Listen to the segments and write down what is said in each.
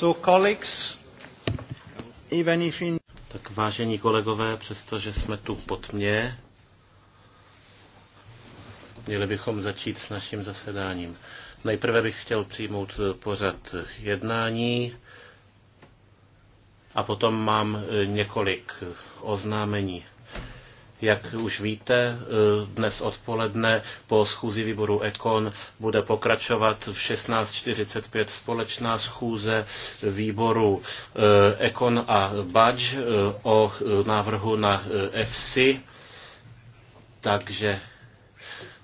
So colleagues, even if in... Tak vážení kolegové, přestože jsme tu pod mě, měli bychom začít s naším zasedáním. Nejprve bych chtěl přijmout eh, pořad jednání a potom mám eh, několik eh, oznámení. Jak už víte, eh, dnes odpoledne po schůzi výboru Ekon bude pokračovat v 16.45 společná schůze výboru eh, Ekon a Badge eh, o návrhu na FC. Takže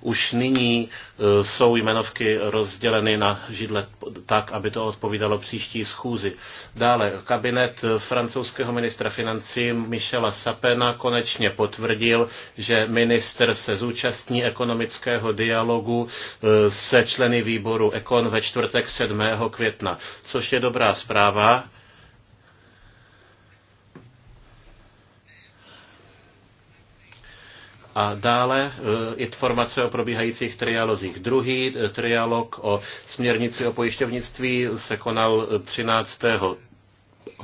už nyní e, jsou jmenovky rozděleny na židle tak, aby to odpovídalo příští schůzi. Dále kabinet francouzského ministra financí Michela Sapena konečně potvrdil, že minister se zúčastní ekonomického dialogu e, se členy výboru Ekon ve čtvrtek 7. května, což je dobrá zpráva A dále eh, informace o probíhajících trialozích. Druhý eh, trialog o směrnici o pojišťovnictví se konal 13 eh,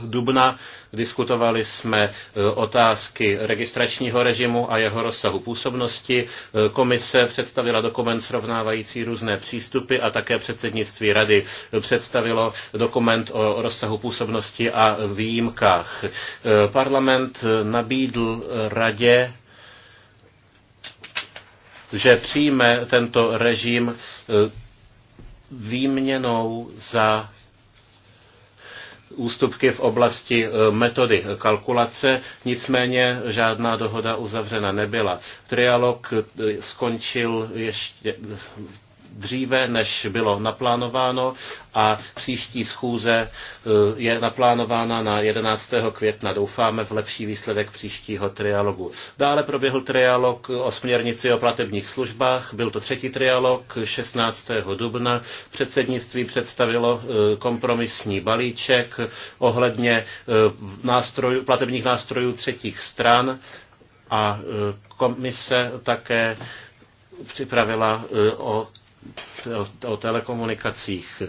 dubna. Diskutovali jsme otázky registračního režimu a jeho rozsahu působnosti. Komise představila dokument srovnávající různé přístupy a také předsednictví rady představilo dokument o rozsahu působnosti a výjimkách. Parlament nabídl radě že přijme tento režim eh, výměnou za ústupky v oblasti eh, metody kalkulace, nicméně žádná dohoda uzavřena nebyla. Trialog eh, skončil ještě dříve, než bylo naplánováno a příští schůze eh, je naplánována na 11. května. Doufáme v lepší výsledek příštího trialogu. Dále proběhl trialog o směrnici o platebních službách. Byl to třetí trialog 16. dubna. Předsednictví představilo eh, kompromisní balíček ohledně eh, nástrojů, platebních nástrojů třetích stran a komise také připravila o o telekomunikacích. E,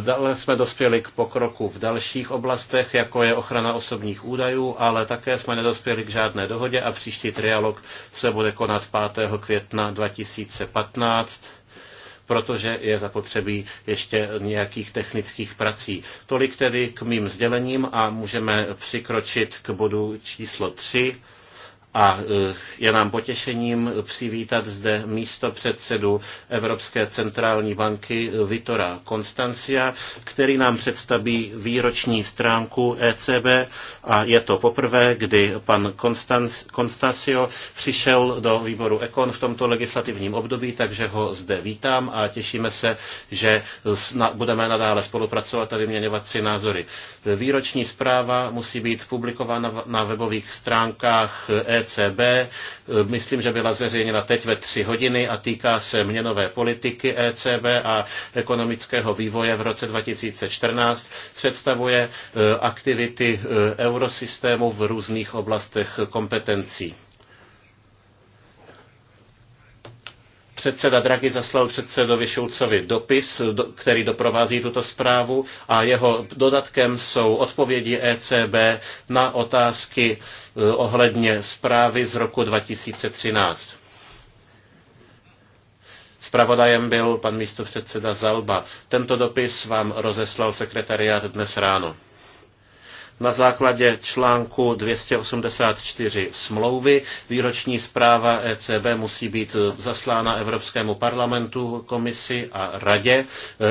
dále jsme dospěli k pokroku v dalších oblastech, jako je ochrana osobních údajů, ale také jsme nedospěli k žádné dohodě a příští trialog se bude konat 5. května 2015 protože je zapotřebí ještě nějakých technických prací. Tolik tedy k mým sdělením a můžeme přikročit k bodu číslo 3 a eh, je nám potěšením přivítat zde místo předsedu Evropské centrální banky eh, Vitora Konstancia, který nám představí výroční stránku ECB a je to poprvé, kdy pan Konstancio přišel do výboru Ekon v tomto legislativním období, takže ho zde vítám a těšíme se, že eh, budeme nadále spolupracovat a vyměňovat si názory. Výroční zpráva musí být publikována na webových stránkách ECB ECB. E, myslím, že byla zveřejněna teď ve tři hodiny a týká se měnové politiky ECB a ekonomického vývoje v roce 2014. Představuje e, aktivity e, eurosystému v různých oblastech kompetencí. Předseda Draghi zaslal předsedovi Šulcovi dopis, do, který doprovází tuto zprávu a jeho dodatkem jsou odpovědi ECB na otázky e, ohledně zprávy z roku 2013. Spravodajem byl pan místopředseda Zalba. Tento dopis vám rozeslal sekretariát dnes ráno na základě článku 284 smlouvy. Výroční zpráva ECB musí být zaslána Evropskému parlamentu, komisi a radě.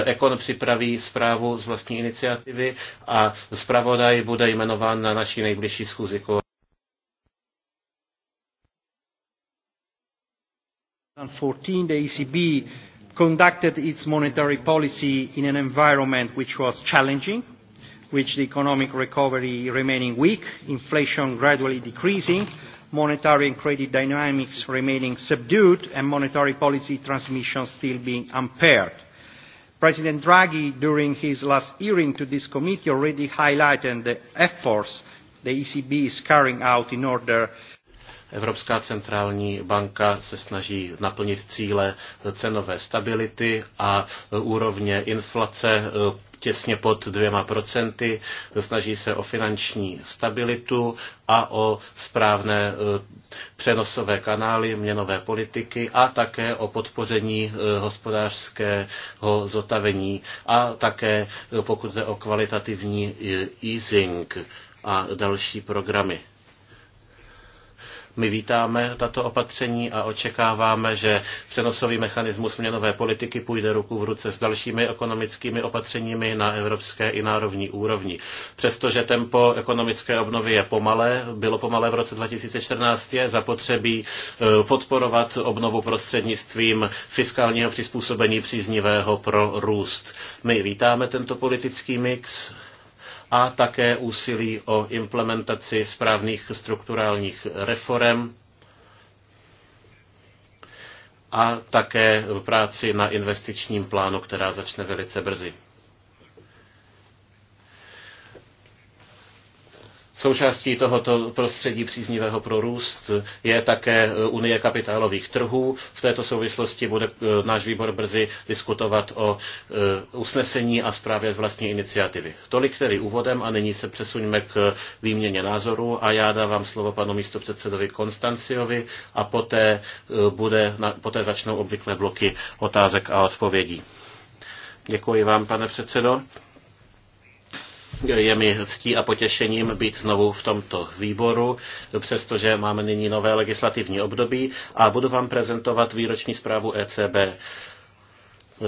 Ekon připraví zprávu z vlastní iniciativy a zpravodaj bude jmenován na naší nejbližší schůzi. 14 the ECB conducted its monetary policy in an environment which was challenging with the economic recovery remaining weak, inflation gradually decreasing, monetary and credit dynamics remaining subdued, and monetary policy transmission still being impaired. President Draghi, during his last hearing to this committee, already highlighted the efforts the ECB is carrying out in order Evropská centrální banka se snaží naplnit cíle cenové stability a úrovně inflace eh, těsně pod dvěma procenty, snaží se o finanční stabilitu a o správné eh, přenosové kanály měnové politiky a také o podpoření eh, hospodářského zotavení a také pokud jde o kvalitativní easing a další programy. My vítáme tato opatření a očekáváme, že přenosový mechanismus měnové politiky půjde ruku v ruce s dalšími ekonomickými opatřeními na evropské i národní úrovni. Přestože tempo ekonomické obnovy je pomalé, bylo pomalé v roce 2014, je zapotřebí e, podporovat obnovu prostřednictvím fiskálního přizpůsobení příznivého pro růst. My vítáme tento politický mix a také úsilí o implementaci správných strukturálních reform a také práci na investičním plánu, která začne velice brzy. Součástí tohoto prostředí příznivého pro růst je také e, Unie kapitálových trhů. V této souvislosti bude e, náš výbor brzy diskutovat o e, usnesení a zprávě z vlastní iniciativy. Tolik tedy úvodem a nyní se přesuňme k výměně názorů a já dávám slovo panu místopředsedovi Konstanciovi a poté, bude, poté začnou obvyklé bloky otázek a odpovědí. Děkuji vám, pane předsedo. Je mi ctí a potěšením být znovu v tomto výboru, přestože máme nyní nové legislativní období a budu vám prezentovat výroční zprávu ECB.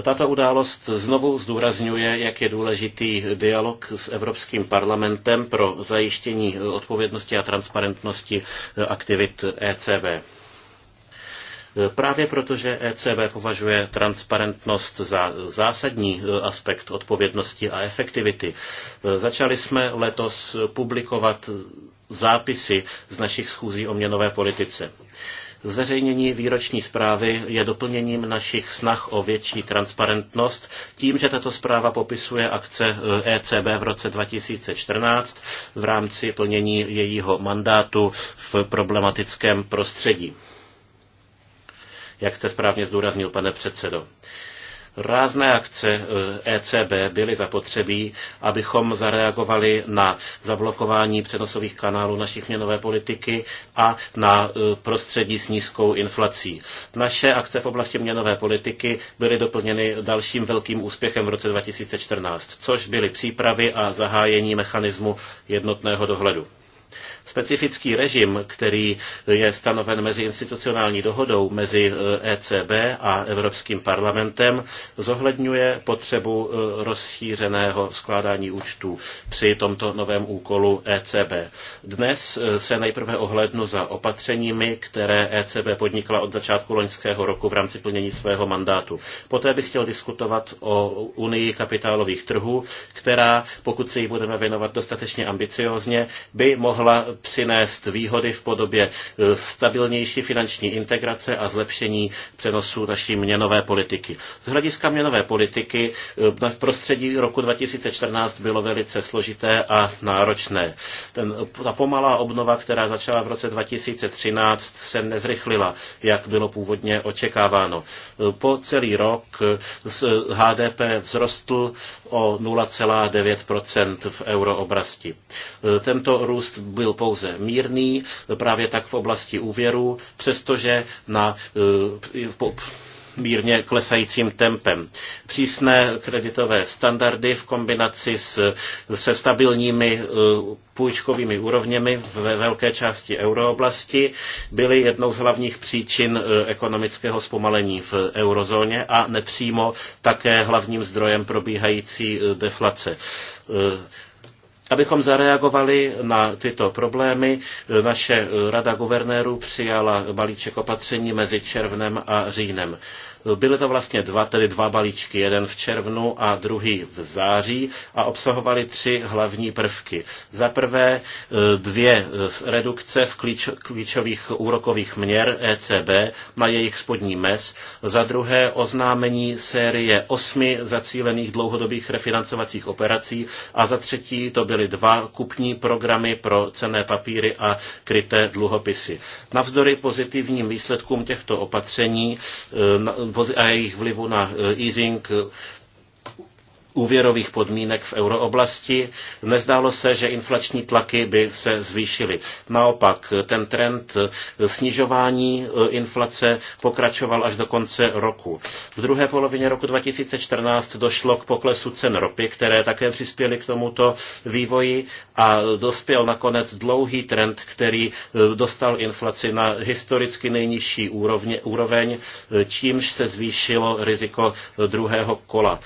Tato událost znovu zdůrazňuje, jak je důležitý dialog s Evropským parlamentem pro zajištění odpovědnosti a transparentnosti aktivit ECB. E, právě protože ECB považuje transparentnost za zásadní e, aspekt odpovědnosti a efektivity, e, začali jsme letos publikovat zápisy z našich schůzí o měnové politice. Zveřejnění výroční zprávy je doplněním našich snah o větší transparentnost tím, že tato zpráva popisuje akce ECB v roce 2014 v rámci plnění jejího mandátu v problematickém prostředí jak jste správně zdůraznil, pane předsedo. Rázné akce ECB eh, e byly zapotřebí, abychom zareagovali na zablokování přenosových kanálů naší měnové politiky a na eh, prostředí s nízkou inflací. Naše akce v oblasti měnové politiky byly doplněny dalším velkým úspěchem v roce 2014, což byly přípravy a zahájení mechanismu jednotného dohledu. Specifický režim, který je stanoven mezi institucionální dohodou mezi ECB eh, e a Evropským parlamentem, zohledňuje potřebu eh, rozšířeného skládání účtů při tomto novém úkolu ECB. Dnes eh, se nejprve ohlednu za opatřeními, které ECB podnikla od začátku loňského roku v rámci plnění svého mandátu. Poté bych chtěl diskutovat o unii kapitálových trhů, která, pokud se jí budeme věnovat dostatečně ambiciozně, by mohla mohla přinést výhody v podobě eh, stabilnější finanční integrace a zlepšení přenosu naší měnové politiky. Z hlediska měnové politiky v eh, prostředí roku 2014 bylo velice složité a náročné. Ten, ta pomalá obnova, která začala v roce 2013, se nezrychlila, jak bylo původně očekáváno. Eh, po celý rok HDP vzrostl o 0,9 v eurooblasti. Tento růst byl pouze mírný, právě tak v oblasti úvěru, přestože na eh, mírně klesajícím tempem. Přísné kreditové standardy v kombinaci s, se stabilními eh, půjčkovými úrovněmi ve velké části eurooblasti byly jednou z hlavních příčin eh, ekonomického zpomalení v eurozóně a nepřímo také hlavním zdrojem probíhající deflace. Abychom zareagovali na tyto problémy, naše rada guvernérů přijala balíček opatření mezi červnem a říjnem. Byly to vlastně dva, tedy dva balíčky, jeden v červnu a druhý v září a obsahovaly tři hlavní prvky. Za prvé e, dvě e, redukce v klíč, klíčových úrokových měr ECB na jejich spodní mez, za druhé oznámení série osmi zacílených dlouhodobých refinancovacích operací a za třetí to byly dva kupní programy pro cené papíry a kryté dluhopisy. Navzdory pozitivním výsledkům těchto opatření e, a jejich vlivu na eh, easing úvěrových podmínek v eurooblasti, nezdálo se, že inflační tlaky by se zvýšily. Naopak, ten trend snižování eh, inflace pokračoval až do konce roku. V druhé polovině roku 2014 došlo k poklesu cen ropy, které také přispěly k tomuto vývoji a dospěl nakonec dlouhý trend, který eh, dostal inflaci na historicky nejnižší úrovně, úroveň, eh, čímž se zvýšilo riziko druhého kola.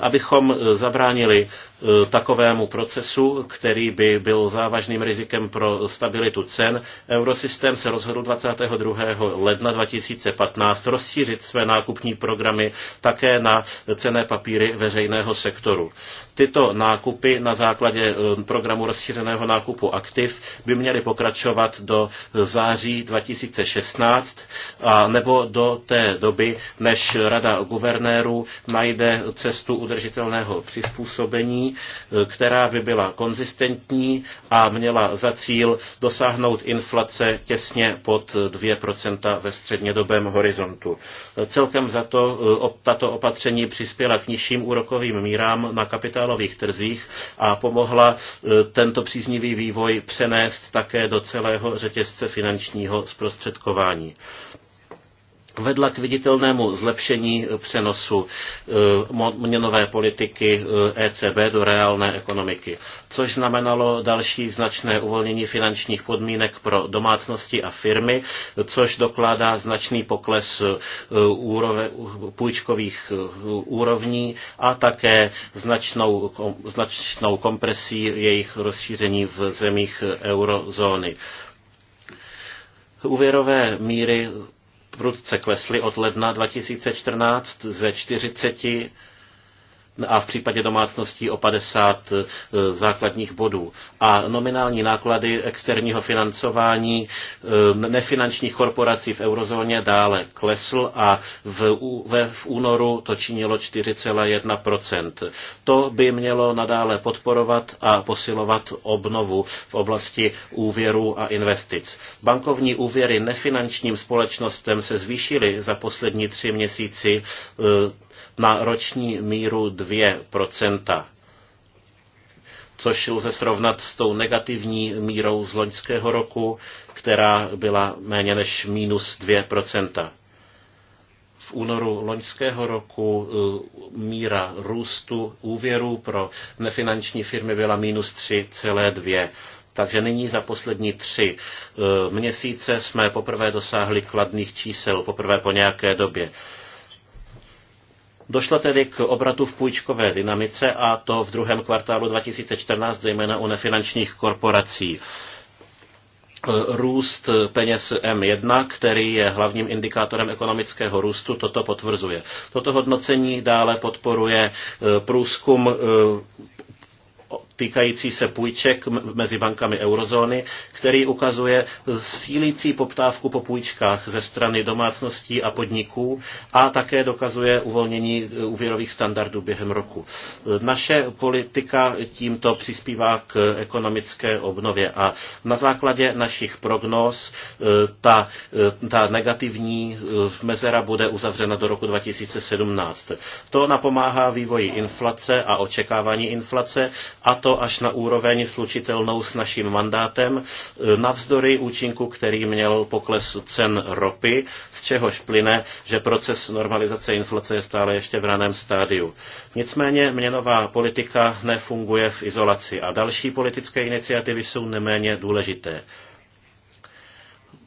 Abychom E, zabránili Eh, takovému procesu, který by byl závažným rizikem pro stabilitu cen, Eurosystém se rozhodl 22. ledna 2015 rozšířit své nákupní programy také na cené papíry veřejného sektoru. Tyto nákupy na základě eh, programu rozšířeného nákupu aktiv by měly pokračovat do září 2016 a nebo do té doby, než Rada guvernérů najde cestu udržitelného přizpůsobení Eh, která by byla konzistentní a měla za cíl dosáhnout inflace těsně pod 2% ve střednědobém horizontu. Eh, celkem za to eh, tato opatření přispěla k nižším úrokovým mírám na kapitálových trzích a pomohla tento příznivý vývoj přenést také do celého řetězce finančního zprostředkování vedla k viditelnému zlepšení eh, přenosu eh, měnové politiky ECB eh, e do reálné ekonomiky, což znamenalo další značné uvolnění finančních podmínek pro domácnosti a firmy, což dokládá značný pokles úrove, půjčkových úrovní a také značnou, značnou kompresí jejich rozšíření v zemích eurozóny úvěrové míry prudce klesly od ledna 2014 ze 40 a v případě domácností o 50 e, základních bodů. A nominální náklady externího financování e, nefinančních korporací v eurozóně dále klesl a v, v, v únoru to činilo 4,1 To by mělo nadále podporovat a posilovat obnovu v oblasti úvěrů a investic. Bankovní úvěry nefinančním společnostem se zvýšily za poslední tři měsíci e, na roční míru 2%, což lze srovnat s tou negativní mírou z loňského roku, která byla méně než minus 2%. V únoru loňského roku eh, míra růstu úvěru pro nefinanční firmy byla minus 3,2%. Takže nyní za poslední tři eh, měsíce jsme poprvé dosáhli kladných čísel, poprvé po nějaké době. Došlo tedy k obratu v půjčkové dynamice a to v druhém kvartálu 2014, zejména u nefinančních korporací růst peněz M1, který je hlavním indikátorem ekonomického růstu, toto potvrzuje. Toto hodnocení dále podporuje eh, průzkum eh, týkající se půjček mezi bankami eurozóny, který ukazuje sílící poptávku po půjčkách ze strany domácností a podniků a také dokazuje uvolnění e, úvěrových standardů během roku. Naše politika tímto přispívá k ekonomické obnově a na základě našich prognóz e, ta, e, ta negativní mezera bude uzavřena do roku 2017. To napomáhá vývoji inflace a očekávání inflace a to až na úroveň slučitelnou s naším mandátem, e, navzdory účinku, který měl pokles cen ropy, z čehož plyne, že proces normalizace inflace je stále ještě v raném stádiu. Nicméně měnová politika nefunguje v izolaci a další politické iniciativy jsou neméně důležité.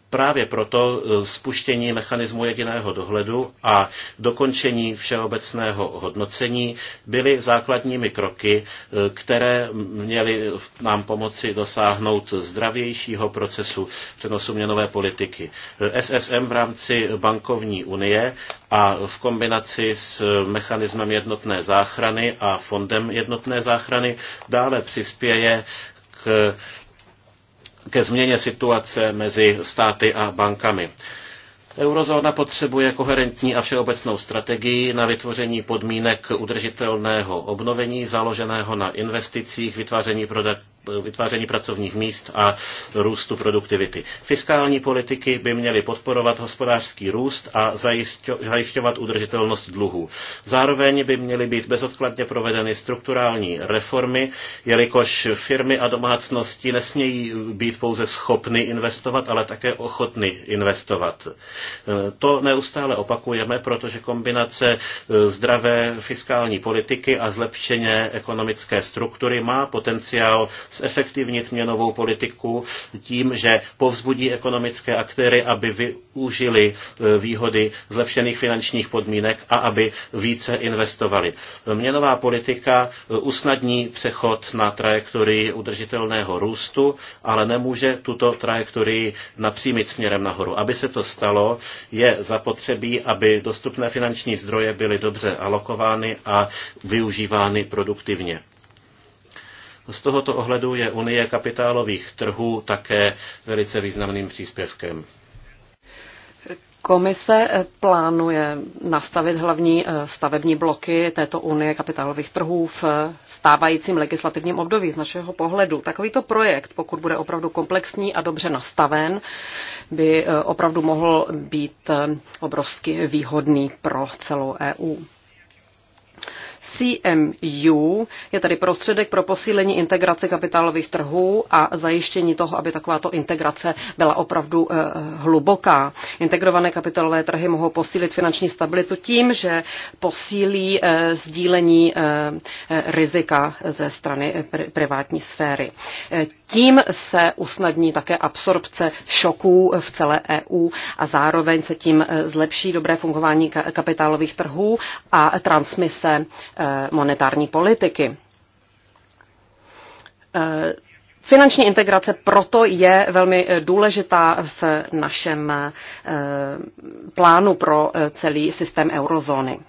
Právě proto e, spuštění mechanismu jediného dohledu a dokončení všeobecného hodnocení byly základními kroky, e, které měly nám pomoci dosáhnout zdravějšího procesu přenosu měnové politiky. E, SSM v rámci bankovní unie a v kombinaci s mechanismem jednotné záchrany a fondem jednotné záchrany dále přispěje k ke změně situace mezi státy a bankami. Eurozóna potřebuje koherentní a všeobecnou strategii na vytvoření podmínek udržitelného obnovení založeného na investicích, vytváření vytváření pracovních míst a růstu produktivity. Fiskální politiky by měly podporovat hospodářský růst a zajišťovat udržitelnost dluhů. Zároveň by měly být bezodkladně provedeny strukturální reformy, jelikož firmy a domácnosti nesmějí být pouze schopny investovat, ale také ochotny investovat. To neustále opakujeme, protože kombinace zdravé fiskální politiky a zlepšeně ekonomické struktury má potenciál zefektivnit měnovou politiku tím, že povzbudí ekonomické aktéry, aby využili e, výhody zlepšených finančních podmínek a aby více investovali. Měnová politika e, usnadní přechod na trajektorii udržitelného růstu, ale nemůže tuto trajektorii napřímit směrem nahoru. Aby se to stalo, je zapotřebí, aby dostupné finanční zdroje byly dobře alokovány a využívány produktivně. Z tohoto ohledu je Unie kapitálových trhů také velice významným příspěvkem. Komise plánuje nastavit hlavní eh, stavební bloky této unie kapitálových trhů v stávajícím legislativním období z našeho pohledu. Takovýto projekt, pokud bude opravdu komplexní a dobře nastaven, by eh, opravdu mohl být eh, obrovsky výhodný pro celou EU. CMU je tedy prostředek pro posílení integrace kapitálových trhů a zajištění toho, aby takováto integrace byla opravdu eh, hluboká. Integrované kapitálové trhy mohou posílit finanční stabilitu tím, že posílí eh, sdílení eh, rizika ze strany privátní sféry. Tím se usnadní také absorpce šoků v celé EU a zároveň se tím eh, zlepší dobré fungování kapitálových trhů a transmise eh, monetární politiky. Eh, finanční integrace proto je velmi důležitá v našem plánu pro celý systém eurozóny.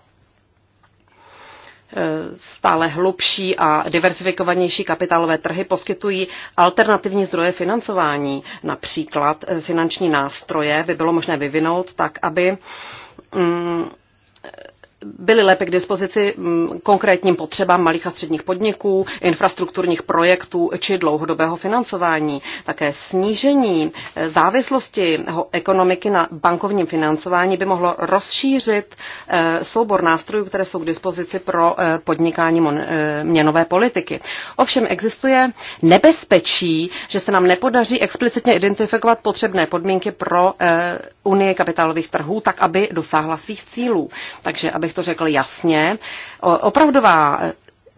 Eh, stále hlubší a diversifikovanější kapitálové trhy poskytují alternativní zdroje financování, například eh, finanční nástroje by bylo možné vyvinout tak, aby mm, byly lépe k dispozici mm, konkrétním potřebám malých a středních podniků, infrastrukturních projektů či dlouhodobého financování. Také snížení eh, závislosti ekonomiky na bankovním financování by mohlo rozšířit eh, soubor nástrojů, které jsou k dispozici pro eh, podnikání měnové politiky. Ovšem existuje nebezpečí, že se nám nepodaří explicitně identifikovat potřebné podmínky pro Unii kapitálových trhů, tak aby dosáhla svých cílů. Takže aby abych to řekl jasně. Opravdová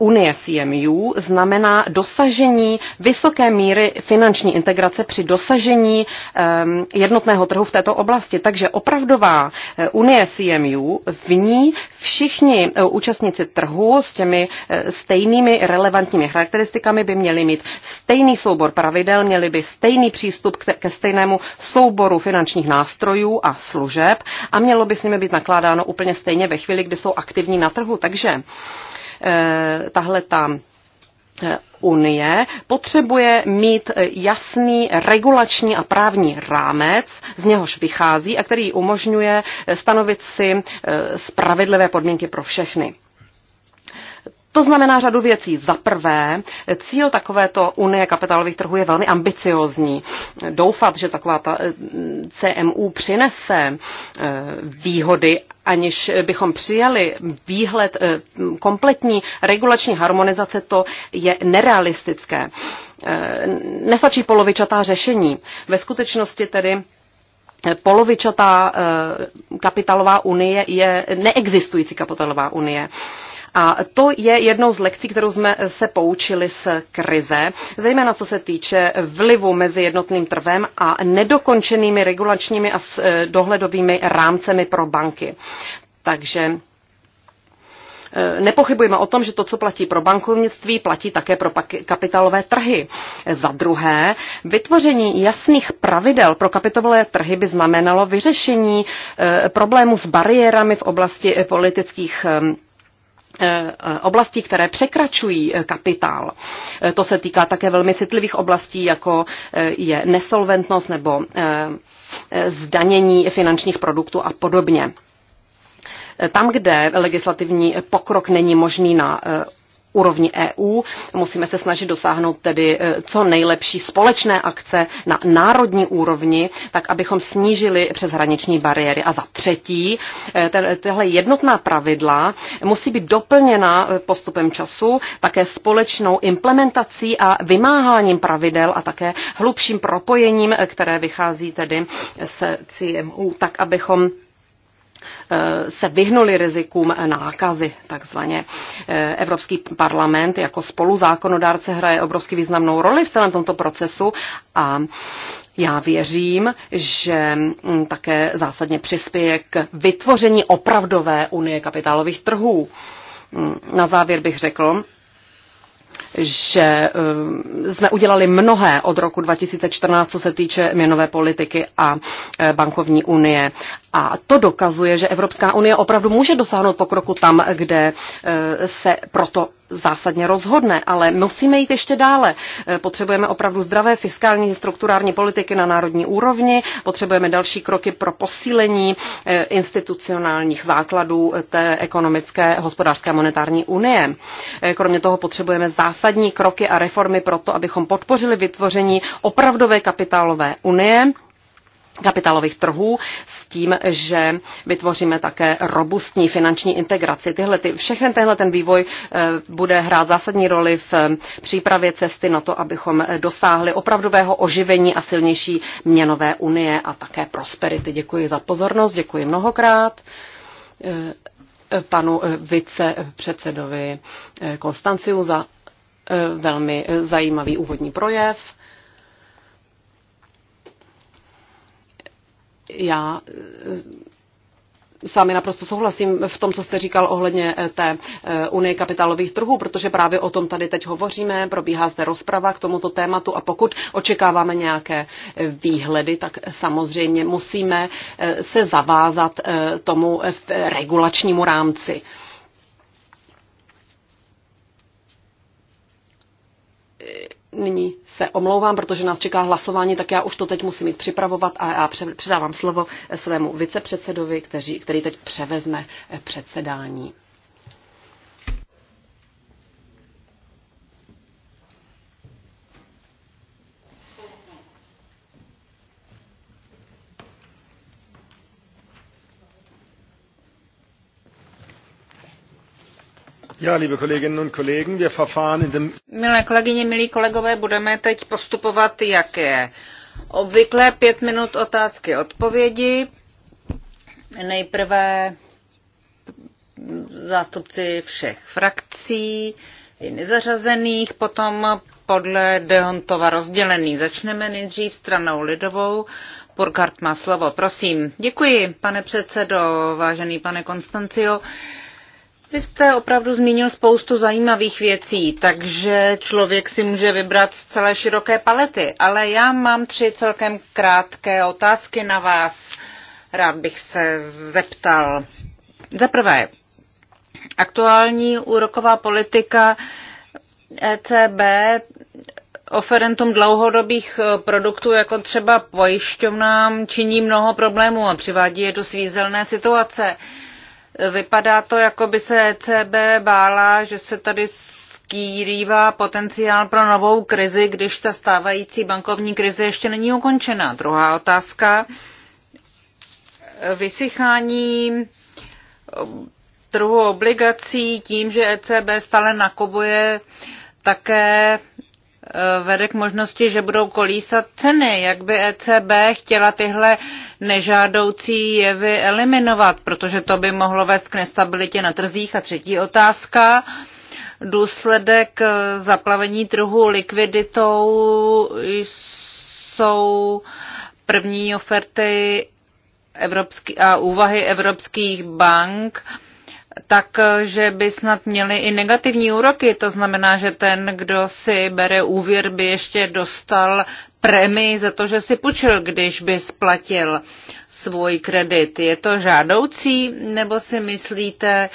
Unie CMU znamená dosažení vysoké míry finanční integrace při dosažení um, jednotného trhu v této oblasti. Takže opravdová eh, Unie CMU, v ní všichni eh, účastníci trhu s těmi eh, stejnými relevantními charakteristikami by měli mít stejný soubor pravidel, měli by stejný přístup ke stejnému souboru finančních nástrojů a služeb a mělo by s nimi být nakládáno úplně stejně ve chvíli, kdy jsou aktivní na trhu. Takže Eh, tahle ta eh, Unie potřebuje mít eh, jasný regulační a právní rámec, z něhož vychází a který umožňuje stanovit si spravedlivé podmínky pro všechny. To znamená řadu věcí. Za prvé, cíl takovéto unie kapitálových trhů je velmi ambiciozní. Doufat, že taková ta CMU přinese výhody aniž bychom přijali výhled eh, kompletní regulační harmonizace, to je nerealistické. Eh, nestačí polovičatá řešení. Ve skutečnosti tedy eh, polovičatá kapitalová unie je neexistující kapitalová unie. A to je jednou z lekcí, kterou jsme se poučili z krize, zejména co se týče vlivu mezi jednotným trvem a nedokončenými regulačními a eh, dohledovými rámcemi pro banky. Takže eh, Nepochybujeme o tom, že to, co platí pro bankovnictví, platí také pro kapitálové trhy. Za druhé, vytvoření jasných pravidel pro kapitálové trhy by znamenalo vyřešení eh, problému s bariérami v oblasti politických Eh, eh, oblastí, které překračují eh, kapitál. To se týká také velmi citlivých oblastí, jako je nesolventnost nebo zdanění finančních produktů a podobně. Tam, kde legislativní pokrok není možný na úrovni EU. Musíme se snažit dosáhnout tedy eh, co nejlepší společné akce na národní úrovni, tak abychom snížili přeshraniční bariéry. A za třetí, eh, tahle jednotná pravidla musí být doplněna eh, postupem času také společnou implementací a vymáháním pravidel a také hlubším propojením, které vychází tedy se CMU, tak abychom Eh, se vyhnuli rizikům nákazy, takzvaně. Eh, Evropský parlament jako spoluzákonodárce hraje obrovsky významnou roli v celém tomto procesu a já věřím, že mm, také zásadně přispěje k vytvoření opravdové unie kapitálových trhů. Mm, na závěr bych řekl, že eh, jsme udělali mnohé od roku 2014, co se týče měnové politiky a bankovní unie. A to dokazuje, že Evropská unie opravdu může dosáhnout pokroku tam, kde e, se proto zásadně rozhodne, ale musíme jít ještě dále. E, potřebujeme opravdu zdravé fiskální strukturální politiky na národní úrovni, potřebujeme další kroky pro posílení e, institucionálních základů té ekonomické, hospodářské a monetární unie. Kromě toho potřebujeme zásadní kroky a reformy pro to, abychom podpořili vytvoření opravdové kapitálové unie, kapitálových trhů s tím, že vytvoříme také robustní finanční integraci. Tyhle, ty, všechen tenhle ten vývoj eh, bude hrát zásadní roli v eh, přípravě cesty na to, abychom eh, dosáhli opravdového oživení a silnější měnové unie a také prosperity. Děkuji za pozornost, děkuji mnohokrát panu vicepředsedovi Konstanciu za velmi zajímavý úvodní projev. Já eh, sami naprosto souhlasím v tom, co jste říkal ohledně eh, té eh, unie kapitálových trhů, protože právě o tom tady teď hovoříme, probíhá zde rozprava k tomuto tématu a pokud očekáváme nějaké výhledy, tak samozřejmě musíme se zavázat tomu regulačnímu rámci. Nyní se omlouvám, protože nás čeká hlasování, tak já už to teď musím mít připravovat a já předávám slovo svému vicepředsedovi, který, který teď převezme eh, předsedání. Ja, liebe Kolleginnen und Kollegen, wir verfahren in dem... Milé kolegyně, milí kolegové, budeme teď postupovat, jak je obvykle pět minut otázky odpovědi. Nejprve zástupci všech frakcí i nezařazených, potom podle Dehontova rozdělený. Začneme nejdřív stranou lidovou. Burkhardt má slovo, prosím. Děkuji, pane předsedo, vážený pane Konstancio. Vy jste opravdu zmínil spoustu zajímavých věcí, takže člověk si může vybrat z celé široké palety, ale já mám tři celkem krátké otázky na vás. Rád bych se zeptal. Za prvé, aktuální úroková politika ECB oferentum dlouhodobých produktů, jako třeba pojišťovnám, činí mnoho problémů a přivádí je do svízelné situace. Vypadá to, jako by se ECB bála, že se tady skýrývá potenciál pro novou krizi, když ta stávající bankovní krize ještě není ukončena. Druhá otázka. Vysychání eh, trhu obligací tím, že ECB stále nakobuje také Eh, vede k možnosti, že budou kolísat ceny. Jak by ECB chtěla tyhle nežádoucí jevy eliminovat, protože to by mohlo vést k nestabilitě na trzích. A třetí otázka, důsledek eh, zaplavení trhu likviditou jsou první oferty Evropský, a úvahy evropských bank, tak, že by snad měli i negativní úroky. To znamená, že ten, kdo si bere úvěr, by ještě dostal prémii za to, že si půjčil, když by splatil svůj kredit. Je to žádoucí, nebo si myslíte,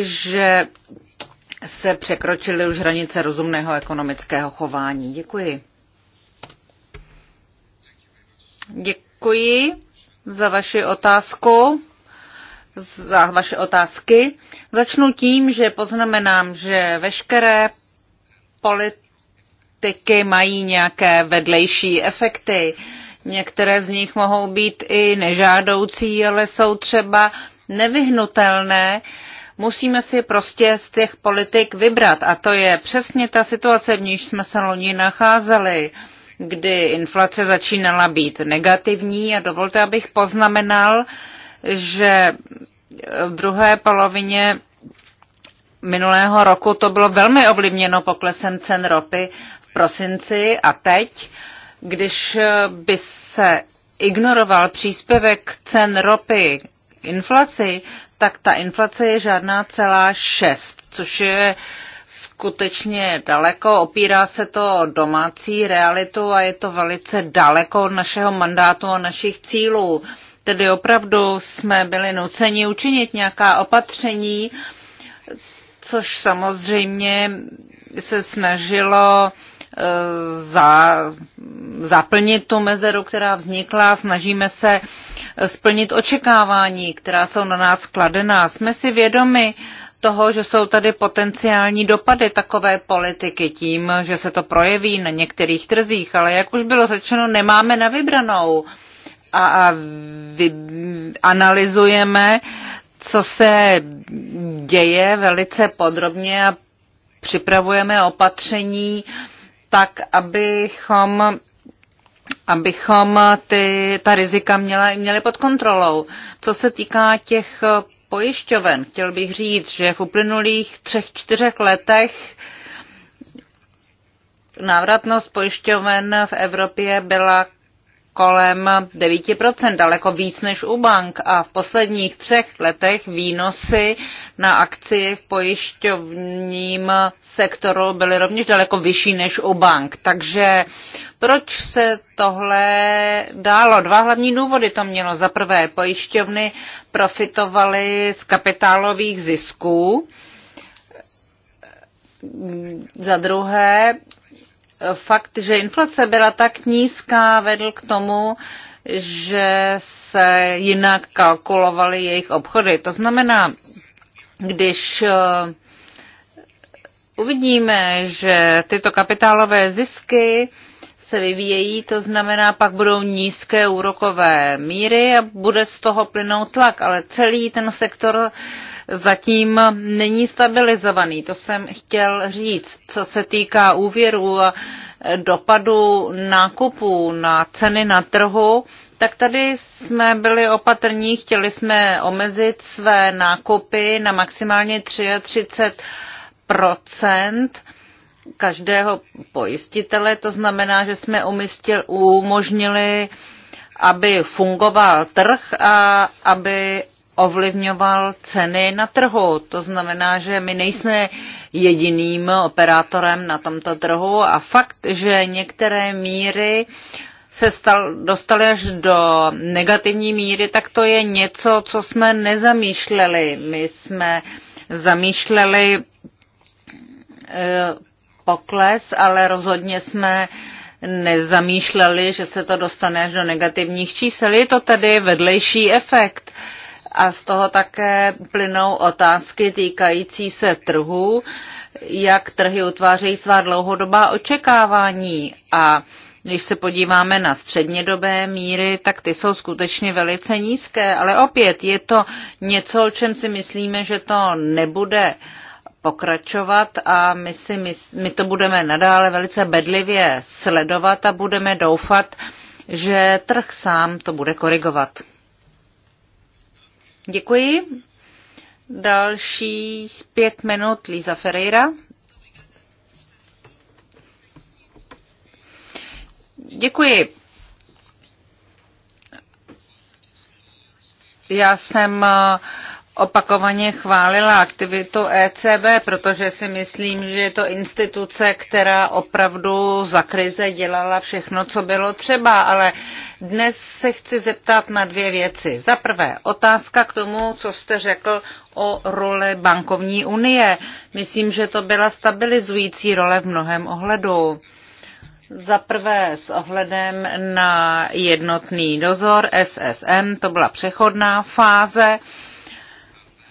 že se překročily už hranice rozumného ekonomického chování? Děkuji. Děkuji za vaši otázku za vaše otázky. Začnu tím, že poznamenám, že veškeré politiky mají nějaké vedlejší efekty. Některé z nich mohou být i nežádoucí, ale jsou třeba nevyhnutelné. Musíme si prostě z těch politik vybrat a to je přesně ta situace, v níž jsme se loni nacházeli, kdy inflace začínala být negativní a dovolte, abych poznamenal, že v druhé polovině minulého roku to bylo velmi ovlivněno poklesem cen ropy v prosinci a teď, když by se ignoroval příspěvek cen ropy inflaci, tak ta inflace je žádná celá šest, což je skutečně daleko, opírá se to o domácí realitu a je to velice daleko od našeho mandátu a našich cílů tedy opravdu jsme byli nuceni učinit nějaká opatření, což samozřejmě se snažilo eh, za, zaplnit tu mezeru, která vznikla. Snažíme se eh, splnit očekávání, která jsou na nás kladená. Jsme si vědomi toho, že jsou tady potenciální dopady takové politiky tím, že se to projeví na některých trzích, ale jak už bylo řečeno, nemáme na vybranou. Uh, a vy, analyzujeme, co se děje velice podrobně a připravujeme opatření tak, abychom, abychom ty, ta rizika měla, měli pod kontrolou. Co se týká těch pojišťoven, chtěl bych říct, že v uplynulých třech, čtyřech letech návratnost pojišťoven v Evropě byla kolem 9%, daleko víc než u bank. A v posledních třech letech výnosy na akci v pojišťovním sektoru byly rovněž daleko vyšší než u bank. Takže proč se tohle dálo? Dva hlavní důvody to mělo. Za prvé, pojišťovny profitovaly z kapitálových zisků. Za druhé, fakt, že inflace byla tak nízká, vedl k tomu, že se jinak kalkulovaly jejich obchody. To znamená, když eh, uvidíme, že tyto kapitálové zisky se vyvíjejí, to znamená, pak budou nízké úrokové míry a bude z toho plynout tlak, ale celý ten sektor zatím není stabilizovaný. To jsem chtěl říct. Co se týká úvěru a dopadu nákupů na ceny na trhu, tak tady jsme byli opatrní, chtěli jsme omezit své nákupy na maximálně 33 každého pojistitele. To znamená, že jsme umistil, umožnili, aby fungoval trh a aby ovlivňoval ceny na trhu. To znamená, že my nejsme jediným operátorem na tomto trhu a fakt, že některé míry se stal, dostali až do negativní míry, tak to je něco, co jsme nezamýšleli. My jsme zamýšleli eh, pokles, ale rozhodně jsme nezamýšleli, že se to dostane až do negativních čísel. Je to tedy vedlejší efekt. A z toho také plynou otázky týkající se trhu, jak trhy utvářejí svá dlouhodobá očekávání. A když se podíváme na střednědobé míry, tak ty jsou skutečně velice nízké, ale opět je to něco, o čem si myslíme, že to nebude uh, pokračovat a my, si, my, my to budeme nadále velice bedlivě sledovat a budeme doufat, že trh sám to bude korigovat. Děkuji. Dalších pět minut Líza Ferreira. Děkuji. Já jsem uh, opakovaně chválila aktivitu ECB, protože si myslím, že je to instituce, která opravdu za krize dělala všechno, co bylo třeba, ale dnes se chci zeptat na dvě věci. Za prvé, otázka k tomu, co jste řekl o role bankovní unie. Myslím, že to byla stabilizující role v mnohem ohledu. Za prvé s ohledem na jednotný dozor SSM, to byla přechodná fáze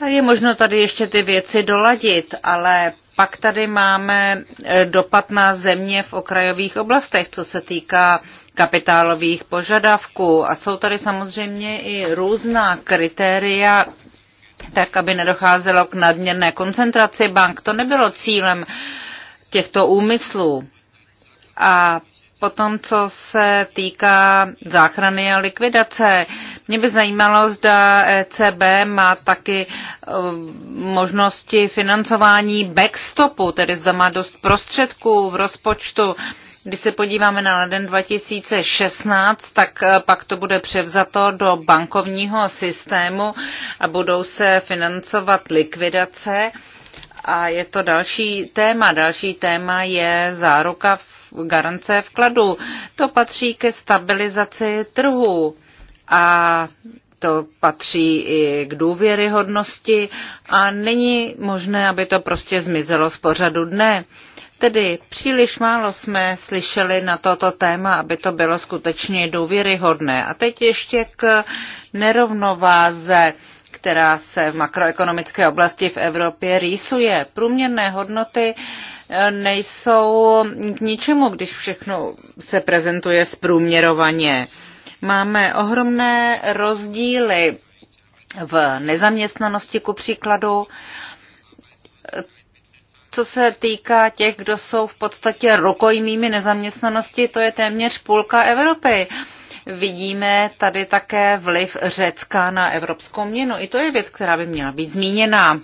je možno tady ještě ty věci doladit, ale pak tady máme e, dopad na země v okrajových oblastech, co se týká kapitálových požadavků. A jsou tady samozřejmě i různá kritéria, tak aby nedocházelo k nadměrné koncentraci bank. To nebylo cílem těchto úmyslů. A Potom, co se týká záchrany a likvidace, mě by zajímalo, zda ECB má taky eh, možnosti financování backstopu, tedy zda má dost prostředků v rozpočtu. Když se podíváme na leden 2016, tak eh, pak to bude převzato do bankovního systému a budou se financovat likvidace. A je to další téma. Další téma je záruka garance vkladu. To patří ke stabilizaci trhu a to patří i k důvěryhodnosti a není možné, aby to prostě zmizelo z pořadu dne. Tedy příliš málo jsme slyšeli na toto téma, aby to bylo skutečně důvěryhodné. A teď ještě k nerovnováze, která se v makroekonomické oblasti v Evropě rýsuje. Průměrné hodnoty nejsou k ničemu, když všechno se prezentuje zprůměrovaně. Máme ohromné rozdíly v nezaměstnanosti ku příkladu. Co se týká těch, kdo jsou v podstatě rukojmými nezaměstnanosti, to je téměř půlka Evropy. Vidíme tady také vliv Řecka na evropskou měnu. I to je věc, která by měla být zmíněna.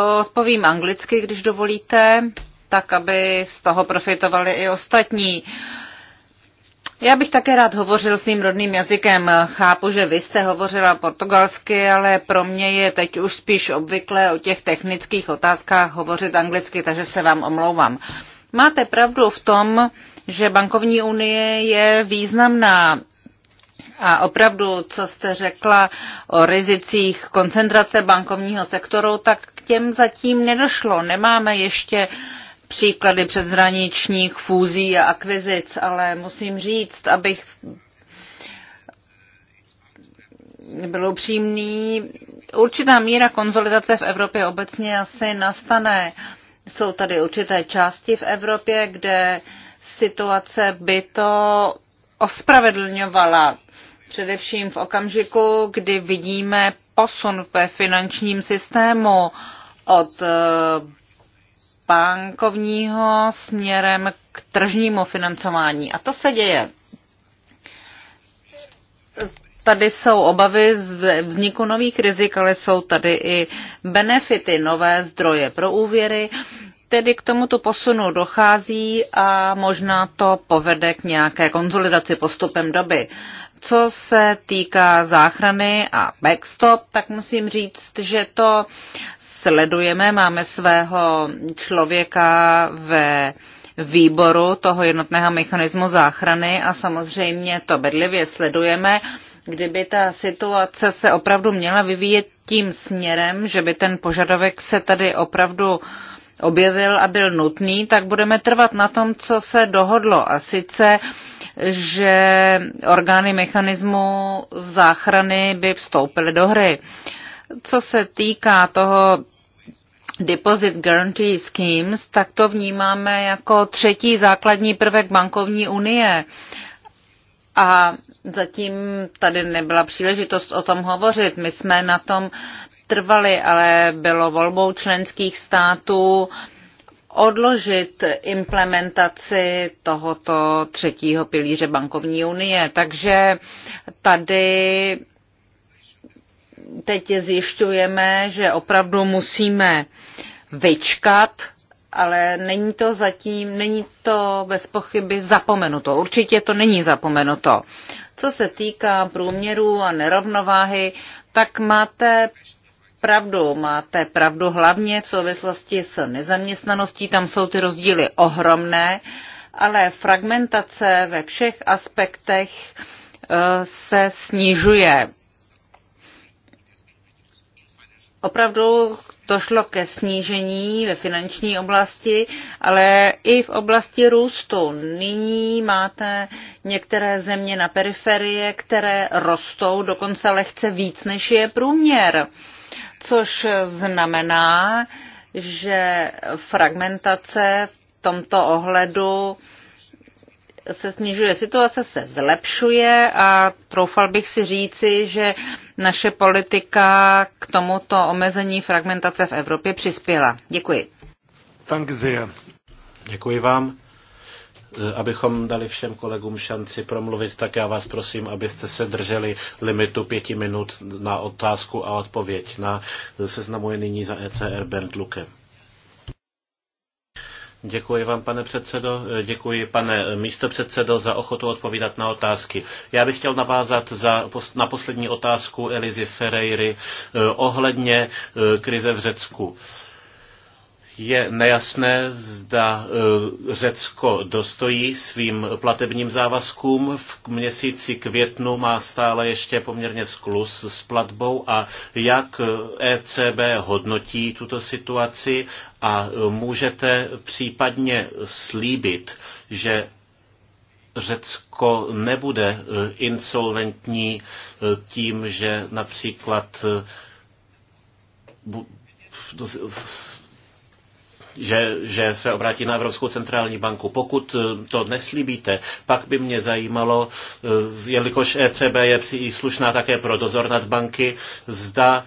Odpovím anglicky, když dovolíte, tak aby z toho profitovali i ostatní. Já bych také rád hovořil svým rodným jazykem. Chápu, že vy jste hovořila portugalsky, ale pro mě je teď už spíš obvykle o těch technických otázkách hovořit anglicky, takže se vám omlouvám. Máte pravdu v tom, že bankovní unie je významná. A opravdu, co jste řekla o rizicích koncentrace bankovního sektoru, tak k těm zatím nedošlo. Nemáme ještě příklady přeshraničních fúzí a akvizic, ale musím říct, abych byl upřímný, určitá míra konzolidace v Evropě obecně asi nastane. Jsou tady určité části v Evropě, kde situace by to ospravedlňovala především v okamžiku, kdy vidíme posun ve finančním systému od eh, bankovního směrem k tržnímu financování. A to se děje. Tady jsou obavy z vzniku nových rizik, ale jsou tady i benefity, nové zdroje pro úvěry, tedy k tomuto posunu dochází a možná to povede k nějaké konzolidaci postupem doby. Co se týká záchrany a backstop, tak musím říct, že to sledujeme. Máme svého člověka ve výboru toho jednotného mechanismu záchrany a samozřejmě to bedlivě sledujeme. Kdyby ta situace se opravdu měla vyvíjet tím směrem, že by ten požadavek se tady opravdu uh, objevil a byl nutný, tak budeme trvat na tom, co se dohodlo. A sice, že orgány mechanismu záchrany by vstoupily do hry. Co se týká toho Deposit Guarantee Schemes, tak to vnímáme jako třetí základní prvek bankovní unie. A zatím tady nebyla příležitost o tom hovořit. My jsme na tom trvaly, ale bylo volbou členských států odložit implementaci tohoto třetího pilíře bankovní unie. Takže tady teď zjišťujeme, že opravdu musíme vyčkat, ale není to zatím, není to bez pochyby zapomenuto. Určitě to není zapomenuto. Co se týká průměru a nerovnováhy, tak máte pravdu. Máte pravdu hlavně v souvislosti s nezaměstnaností, tam jsou ty rozdíly ohromné, ale fragmentace ve všech aspektech eh, se snižuje. Opravdu to šlo ke snížení ve finanční oblasti, ale i v oblasti růstu. Nyní máte některé země na periferie, které rostou dokonce lehce víc, než je průměr což znamená, že fragmentace v tomto ohledu se snižuje, situace se zlepšuje a troufal bych si říci, že naše politika k tomuto omezení fragmentace v Evropě přispěla. Děkuji. Děkuji vám. Eh, abychom dali všem kolegům šanci promluvit, tak já vás prosím, abyste se drželi limitu pěti minut na otázku a odpověď. Na seznamu je nyní za ECR Bernd Luke. Děkuji vám, pane předsedo. Eh, děkuji, pane eh, místopředsedo, za ochotu odpovídat na otázky. Já bych chtěl navázat za, na poslední otázku Elizy Ferreiry ohledně krize v Řecku. Je nejasné, zda eh, Řecko dostojí svým platebním závazkům. V měsíci květnu má stále ještě poměrně sklus s platbou a jak ECB eh, e hodnotí tuto situaci a eh, můžete případně slíbit, že Řecko nebude insolventní tím, že například že, že se obrátí na Evropskou centrální banku. Pokud eh, to neslíbíte, pak by mě zajímalo, eh, jelikož ECB je slušná také pro dozor nad banky, zda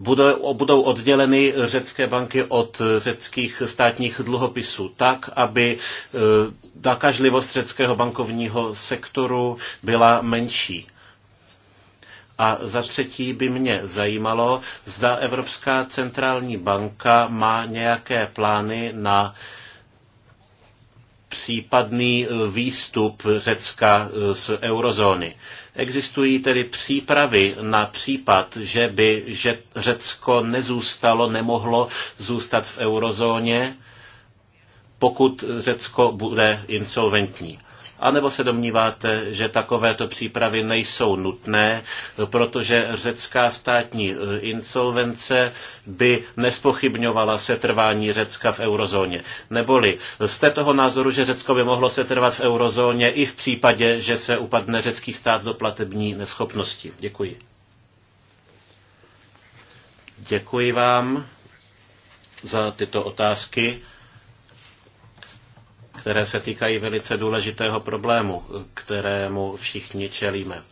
budou, budou odděleny řecké banky od řeckých státních dluhopisů tak, aby nakažlivost eh, řeckého bankovního sektoru byla menší. A za třetí by mě zajímalo, zda Evropská centrální banka má nějaké plány na případný výstup Řecka z eurozóny. Existují tedy přípravy na případ, že by že Řecko nezůstalo, nemohlo zůstat v eurozóně, pokud Řecko bude insolventní anebo se domníváte, že takovéto přípravy nejsou nutné, protože řecká státní e, insolvence by nespochybňovala setrvání Řecka v eurozóně. Neboli jste toho názoru, že Řecko by mohlo setrvat v eurozóně i v případě, že se upadne řecký stát do platební neschopnosti. Děkuji. Děkuji vám za tyto otázky které se týkají velice důležitého problému, kterému všichni čelíme.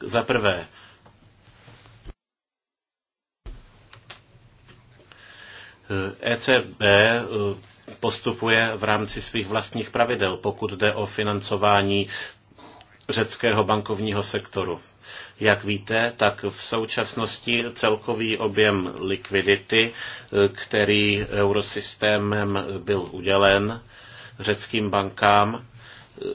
Za prvé, ECB e, postupuje v rámci svých vlastních pravidel, pokud jde o financování řeckého bankovního sektoru. Jak víte, tak v současnosti celkový objem likvidity, e, který eurosystémem byl udělen, řeckým bankám e,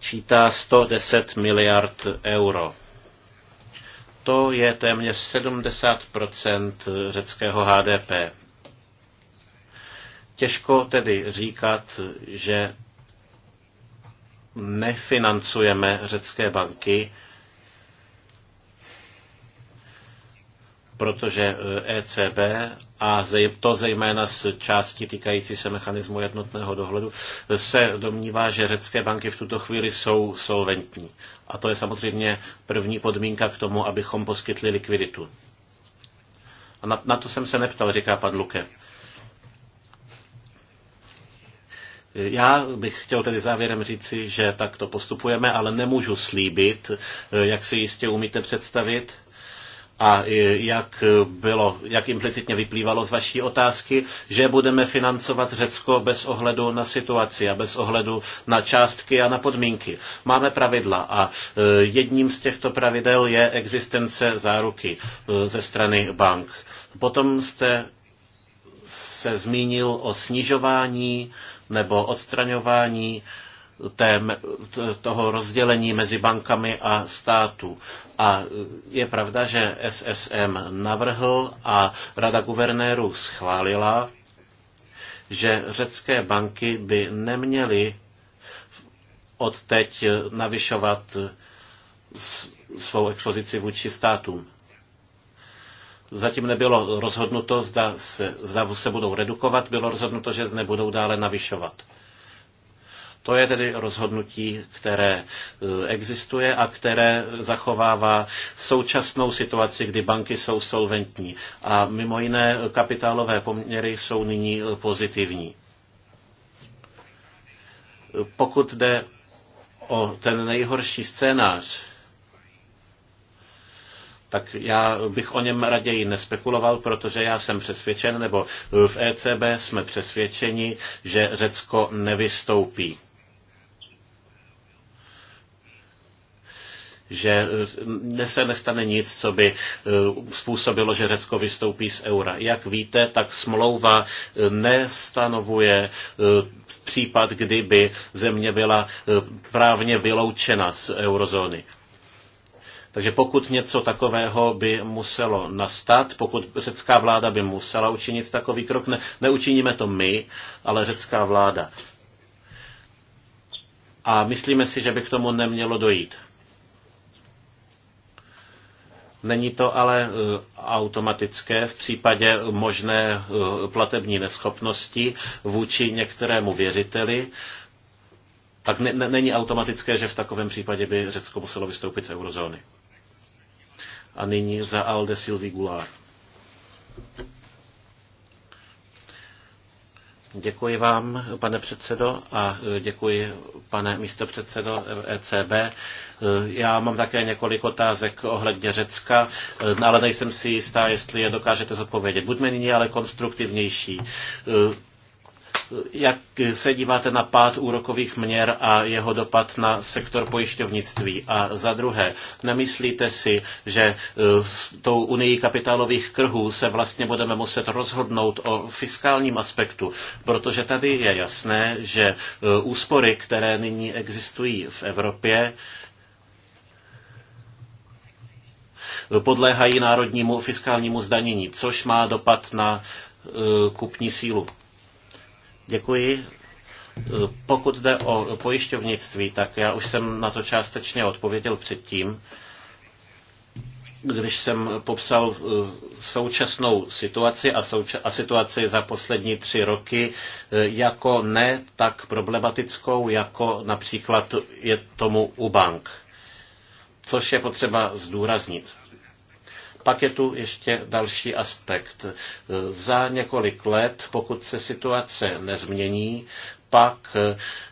čítá 110 miliard euro. To je téměř 70 řeckého HDP. Těžko tedy říkat, že nefinancujeme řecké banky, protože ECB e a to zejména z části týkající se mechanismu jednotného dohledu, se domnívá, že řecké banky v tuto chvíli jsou solventní. A to je samozřejmě první podmínka k tomu, abychom poskytli likviditu. A na, na to jsem se neptal, říká pan Luke. Já bych chtěl tedy závěrem říci, že takto postupujeme, ale nemůžu slíbit, eh, jak si jistě umíte představit, a e, jak, bylo, jak implicitně vyplývalo z vaší otázky, že budeme financovat Řecko bez ohledu na situaci a bez ohledu na částky a na podmínky. Máme pravidla a e, jedním z těchto pravidel je existence záruky e, ze strany bank. Potom jste se zmínil o snižování nebo odstraňování uh, toho rozdělení mezi bankami a státu. A je pravda, že SSM navrhl a Rada guvernérů schválila, že řecké banky by neměly odteď navyšovat svou expozici vůči státům. Zatím nebylo rozhodnuto, zda se, zda se budou redukovat, bylo rozhodnuto, že nebudou dále navyšovat. To je tedy rozhodnutí, které eh, existuje a které zachovává současnou situaci, kdy banky jsou solventní a mimo jiné kapitálové poměry jsou nyní eh, pozitivní. Pokud jde o ten nejhorší scénář, tak já bych o něm raději nespekuloval, protože já jsem přesvědčen, nebo v ECB jsme přesvědčeni, že Řecko nevystoupí. že eh, se nestane nic, co by eh, způsobilo, že Řecko vystoupí z eura. Jak víte, tak smlouva eh, nestanovuje případ, kdyby země byla právně vyloučena z eurozóny. Takže pokud něco takového by muselo nastat, pokud řecká vláda by musela učinit takový krok, ne, neučiníme to my, ale řecká vláda. A myslíme si, že by k tomu nemělo dojít. Není to ale e, automatické v případě možné e, platební neschopnosti vůči některému věřiteli. Tak ne, ne, není automatické, že v takovém případě by Řecko muselo vystoupit z eurozóny. A nyní za Alde Silvi Goulart. Děkuji vám, pane předsedo, a děkuji, pane místopředsedo ECB. Já mám také několik otázek ohledně Řecka, ale nejsem si jistá, jestli je dokážete zodpovědět. Buďme nyní ale konstruktivnější. Jak se díváte na pád úrokových měr a jeho dopad na sektor pojišťovnictví? A za druhé, nemyslíte si, že e, s tou unii kapitálových krhů se vlastně budeme muset rozhodnout o fiskálním aspektu, protože tady je jasné, že e, úspory, které nyní existují v Evropě, podléhají národnímu fiskálnímu zdanění, což má dopad na e, kupní sílu. Děkuji. Pokud jde o pojišťovnictví, tak já už jsem na to částečně odpověděl předtím, když jsem popsal eh, současnou situaci a, souča- a situaci za poslední tři roky eh, jako ne tak problematickou, jako například je tomu u bank. Což je potřeba zdůraznit. Pak je tu ještě další aspekt. Za několik let, pokud se situace nezmění, pak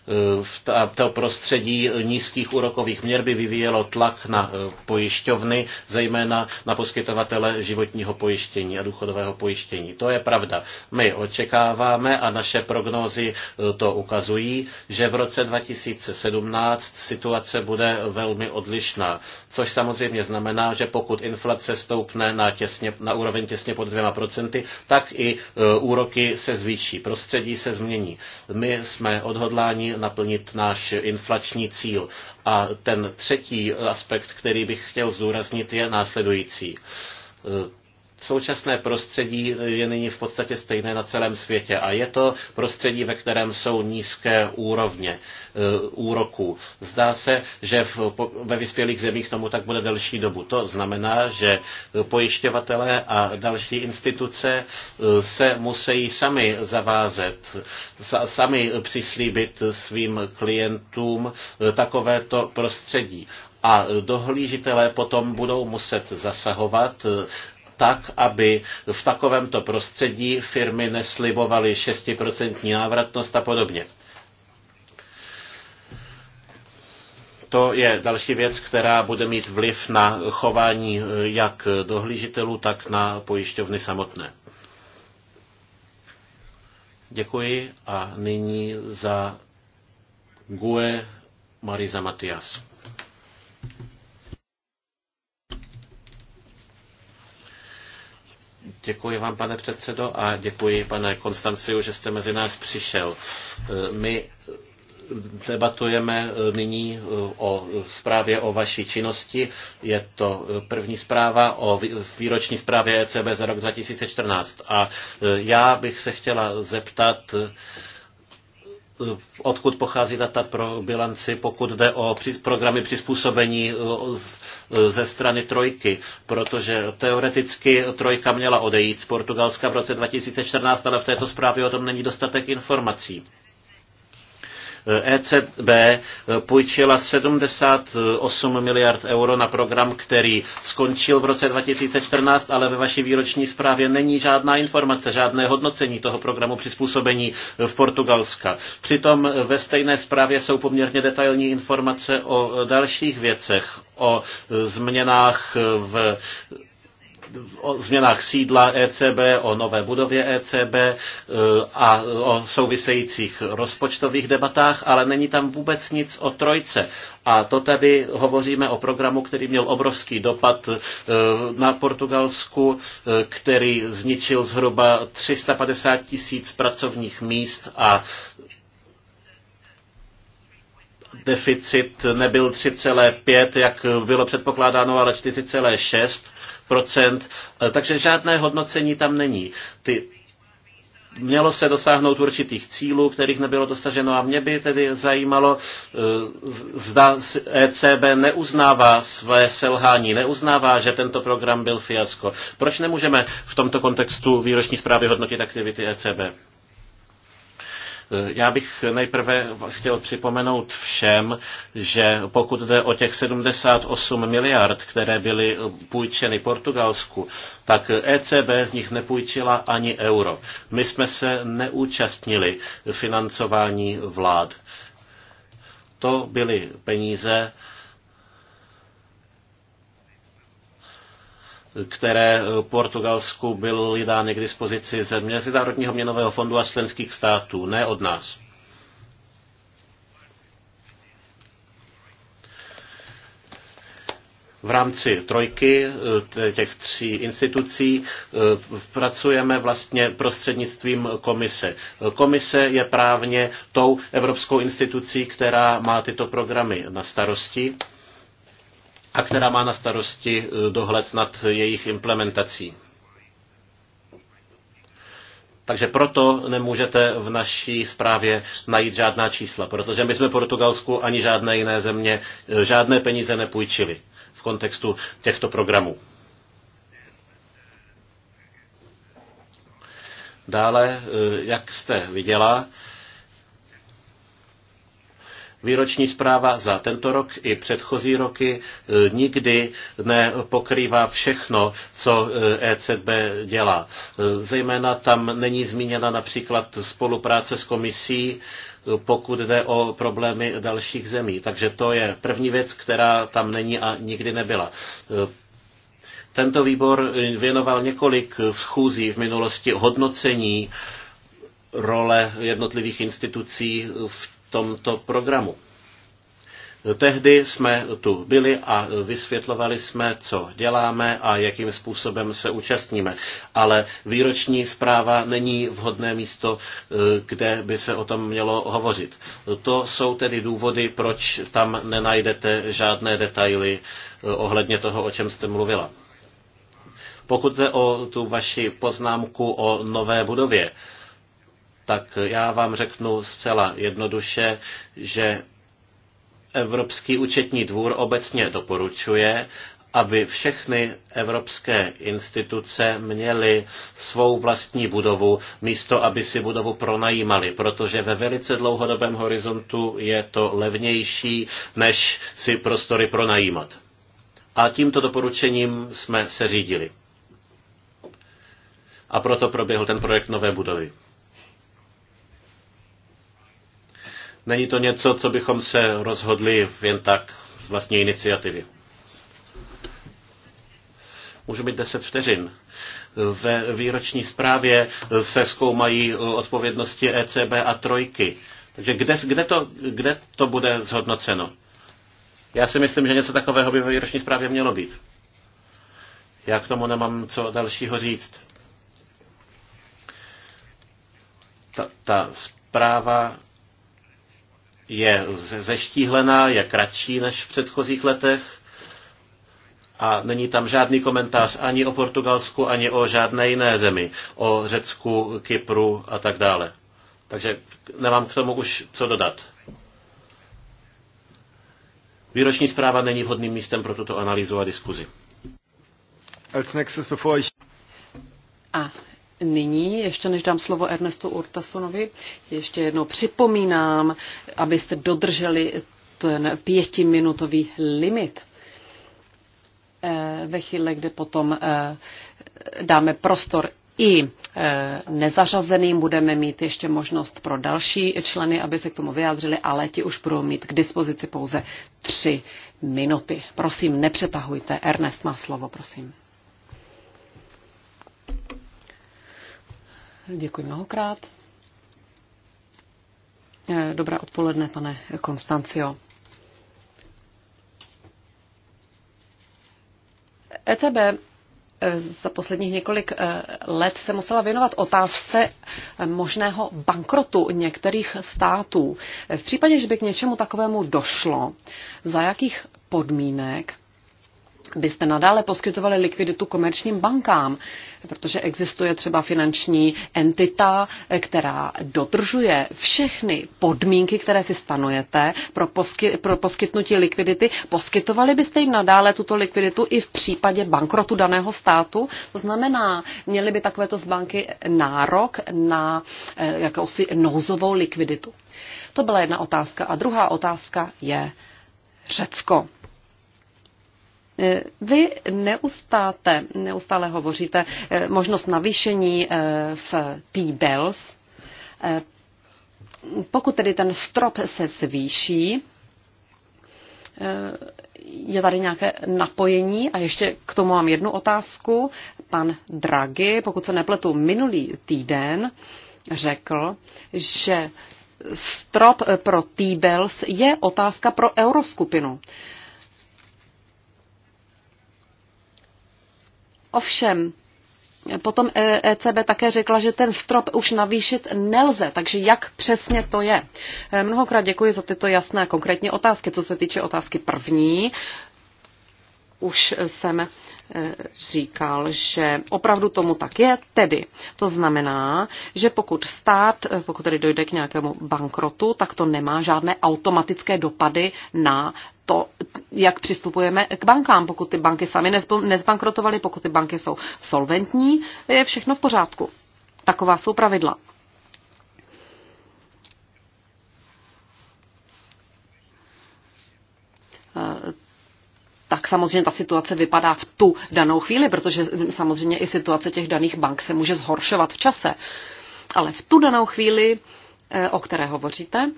Eh, to prostředí nízkých úrokových měr by vyvíjelo tlak na eh, pojišťovny, zejména na poskytovatele životního pojištění a důchodového pojištění. To je pravda. My očekáváme a naše prognózy eh, to ukazují, že v roce 2017 situace bude velmi odlišná, což samozřejmě znamená, že pokud inflace stoupne na, těsně, na úroveň těsně pod dvěma procenty, tak i úroky se zvýší, prostředí se změní. My jsme odhodláni naplnit náš inflační cíl. A ten třetí aspekt, který bych chtěl zdůraznit, je následující Současné prostředí je nyní v podstatě stejné na celém světě a je to prostředí, ve kterém jsou nízké úrovně eh, úroků. Zdá se, že v, ve vyspělých zemích tomu tak bude delší dobu. To znamená, že eh, pojišťovatelé a další instituce eh, se musí sami zavázet, sami přislíbit svým klientům takovéto prostředí a dohlížitelé potom budou muset zasahovat tak, aby v takovémto prostředí firmy neslibovaly 6% návratnost a podobně. To je další věc, která bude mít vliv na chování jak dohlížitelů, tak na pojišťovny samotné. Děkuji a nyní za GUE Mariza Matias. Děkuji vám, pane předsedo, a děkuji, pane Konstanciu, že jste mezi nás přišel. My debatujeme nyní o zprávě o vaší činnosti. Je to první zpráva o výroční zprávě ECB za rok 2014. A já bych se chtěla zeptat, odkud pochází data pro bilanci, pokud jde o programy přizpůsobení e, e, ze strany Trojky, protože teoreticky Trojka měla odejít z Portugalska v roce 2014, ale v této zprávě o tom není dostatek informací. ECB půjčila 78 miliard euro na program, který skončil v roce 2014, ale ve vaší výroční zprávě není žádná informace, žádné hodnocení toho programu přizpůsobení v Portugalska. Přitom ve stejné zprávě jsou poměrně detailní informace o dalších věcech, o změnách v o změnách sídla ECB, o nové budově ECB e, a o souvisejících rozpočtových debatách, ale není tam vůbec nic o trojce. A to tady hovoříme o programu, který měl obrovský dopad e, na Portugalsku, e, který zničil zhruba 350 tisíc pracovních míst a deficit nebyl 3,5, jak bylo předpokládáno, ale 4,6 procent, eh, takže žádné hodnocení tam není. Ty, mělo se dosáhnout určitých cílů, kterých nebylo dosaženo a mě by tedy zajímalo, eh, zda ECB neuznává své selhání, neuznává, že tento program byl fiasko. Proč nemůžeme v tomto kontextu výroční zprávy hodnotit aktivity ECB? Já bych nejprve chtěl připomenout všem, že pokud jde o těch 78 miliard, které byly půjčeny Portugalsku, tak ECB z nich nepůjčila ani euro. My jsme se neúčastnili financování vlád. To byly peníze, které eh, Portugalsku byly dány k dispozici ze Mezinárodního měnového fondu a členských států, ne od nás. v rámci trojky eh, těch tří institucí eh, pracujeme vlastně prostřednictvím komise. Komise je právně tou evropskou institucí, která má tyto programy na starosti a která má na starosti eh, dohled nad jejich implementací. Takže proto nemůžete v naší zprávě najít žádná čísla, protože my jsme Portugalsku ani žádné jiné země eh, žádné peníze nepůjčili v kontextu těchto programů. Dále, eh, jak jste viděla, Výroční zpráva za tento rok i předchozí roky e, nikdy nepokrývá všechno, co ECB e dělá. E, zejména tam není zmíněna například spolupráce s komisí, pokud jde o problémy dalších zemí. Takže to je první věc, která tam není a nikdy nebyla. Tento výbor věnoval několik schůzí v minulosti hodnocení role jednotlivých institucí v tomto programu. Tehdy jsme tu byli a vysvětlovali jsme, co děláme a jakým způsobem se účastníme. Ale výroční zpráva není vhodné místo, eh, kde by se o tom mělo hovořit. To jsou tedy důvody, proč tam nenajdete žádné detaily eh, ohledně toho, o čem jste mluvila. Pokud jde o tu vaši poznámku o nové budově, tak já vám řeknu zcela jednoduše, že Evropský účetní dvůr obecně doporučuje, aby všechny evropské instituce měly svou vlastní budovu, místo aby si budovu pronajímali, protože ve velice dlouhodobém horizontu je to levnější, než si prostory pronajímat. A tímto doporučením jsme se řídili. A proto proběhl ten projekt nové budovy. Není to něco, co bychom se rozhodli jen tak z vlastní iniciativy. Můžu mít 10 vteřin ve výroční zprávě se zkoumají odpovědnosti ECB a trojky. Takže kde, kde, to, kde to bude zhodnoceno? Já si myslím, že něco takového by ve výroční zprávě mělo být. Já k tomu nemám co dalšího říct. Ta, ta zpráva je zeštíhlená, je kratší než v předchozích letech a není tam žádný komentář ani o Portugalsku, ani o žádné jiné zemi, o Řecku, Kypru a tak dále. Takže nemám k tomu už co dodat. Výroční zpráva není vhodným místem pro tuto analýzu a diskuzi. Als nächstes, bevor ich... A Nyní, ještě než dám slovo Ernestu Urtasunovi, ještě jednou připomínám, abyste dodrželi ten pětiminutový limit. Eh, ve chvíli, kdy potom eh, dáme prostor i eh, nezařazeným budeme mít ještě možnost pro další členy, aby se k tomu vyjádřili, ale ti už budou mít k dispozici pouze tři minuty. Prosím, nepřetahujte. Ernest má slovo, prosím. Děkuji mnohokrát. Eh, dobré odpoledne, pane Konstancio. ECB eh, za posledních několik eh, let se musela věnovat otázce možného bankrotu některých států. V případě, že by k něčemu takovému došlo, za jakých podmínek byste nadále poskytovali likviditu komerčním bankám, protože existuje třeba finanční entita, která dodržuje všechny podmínky, které si stanujete pro, posky, pro poskytnutí likvidity. Poskytovali byste jim nadále tuto likviditu i v případě bankrotu daného státu? To znamená, měli by takovéto z banky nárok na eh, jakousi nouzovou likviditu. To byla jedna otázka. A druhá otázka je Řecko. Vy neustáte, neustále hovoříte eh, možnost navýšení eh, v T-Bells. Eh, pokud tedy ten strop se zvýší, je tady nějaké napojení a ještě k tomu mám jednu otázku. Pan Draghi, pokud se nepletu, minulý týden řekl, že strop pro T-Bells je otázka pro euroskupinu. Ovšem, potom ECB e také řekla, že ten strop už navýšit nelze, takže jak přesně to je? E, mnohokrát děkuji za tyto jasné konkrétní otázky. Co se týče otázky první, už jsem říkal, že opravdu tomu tak je, tedy to znamená, že pokud stát, pokud tedy dojde k nějakému bankrotu, tak to nemá žádné automatické dopady na to, jak přistupujeme k bankám. Pokud ty banky sami nezbankrotovaly, pokud ty banky jsou solventní, je všechno v pořádku. Taková jsou pravidla. tak samozřejmě ta situace vypadá v tu danou chvíli, protože samozřejmě i situace těch daných bank se může zhoršovat v čase. Ale v tu danou chvíli, eh, o které hovoříte,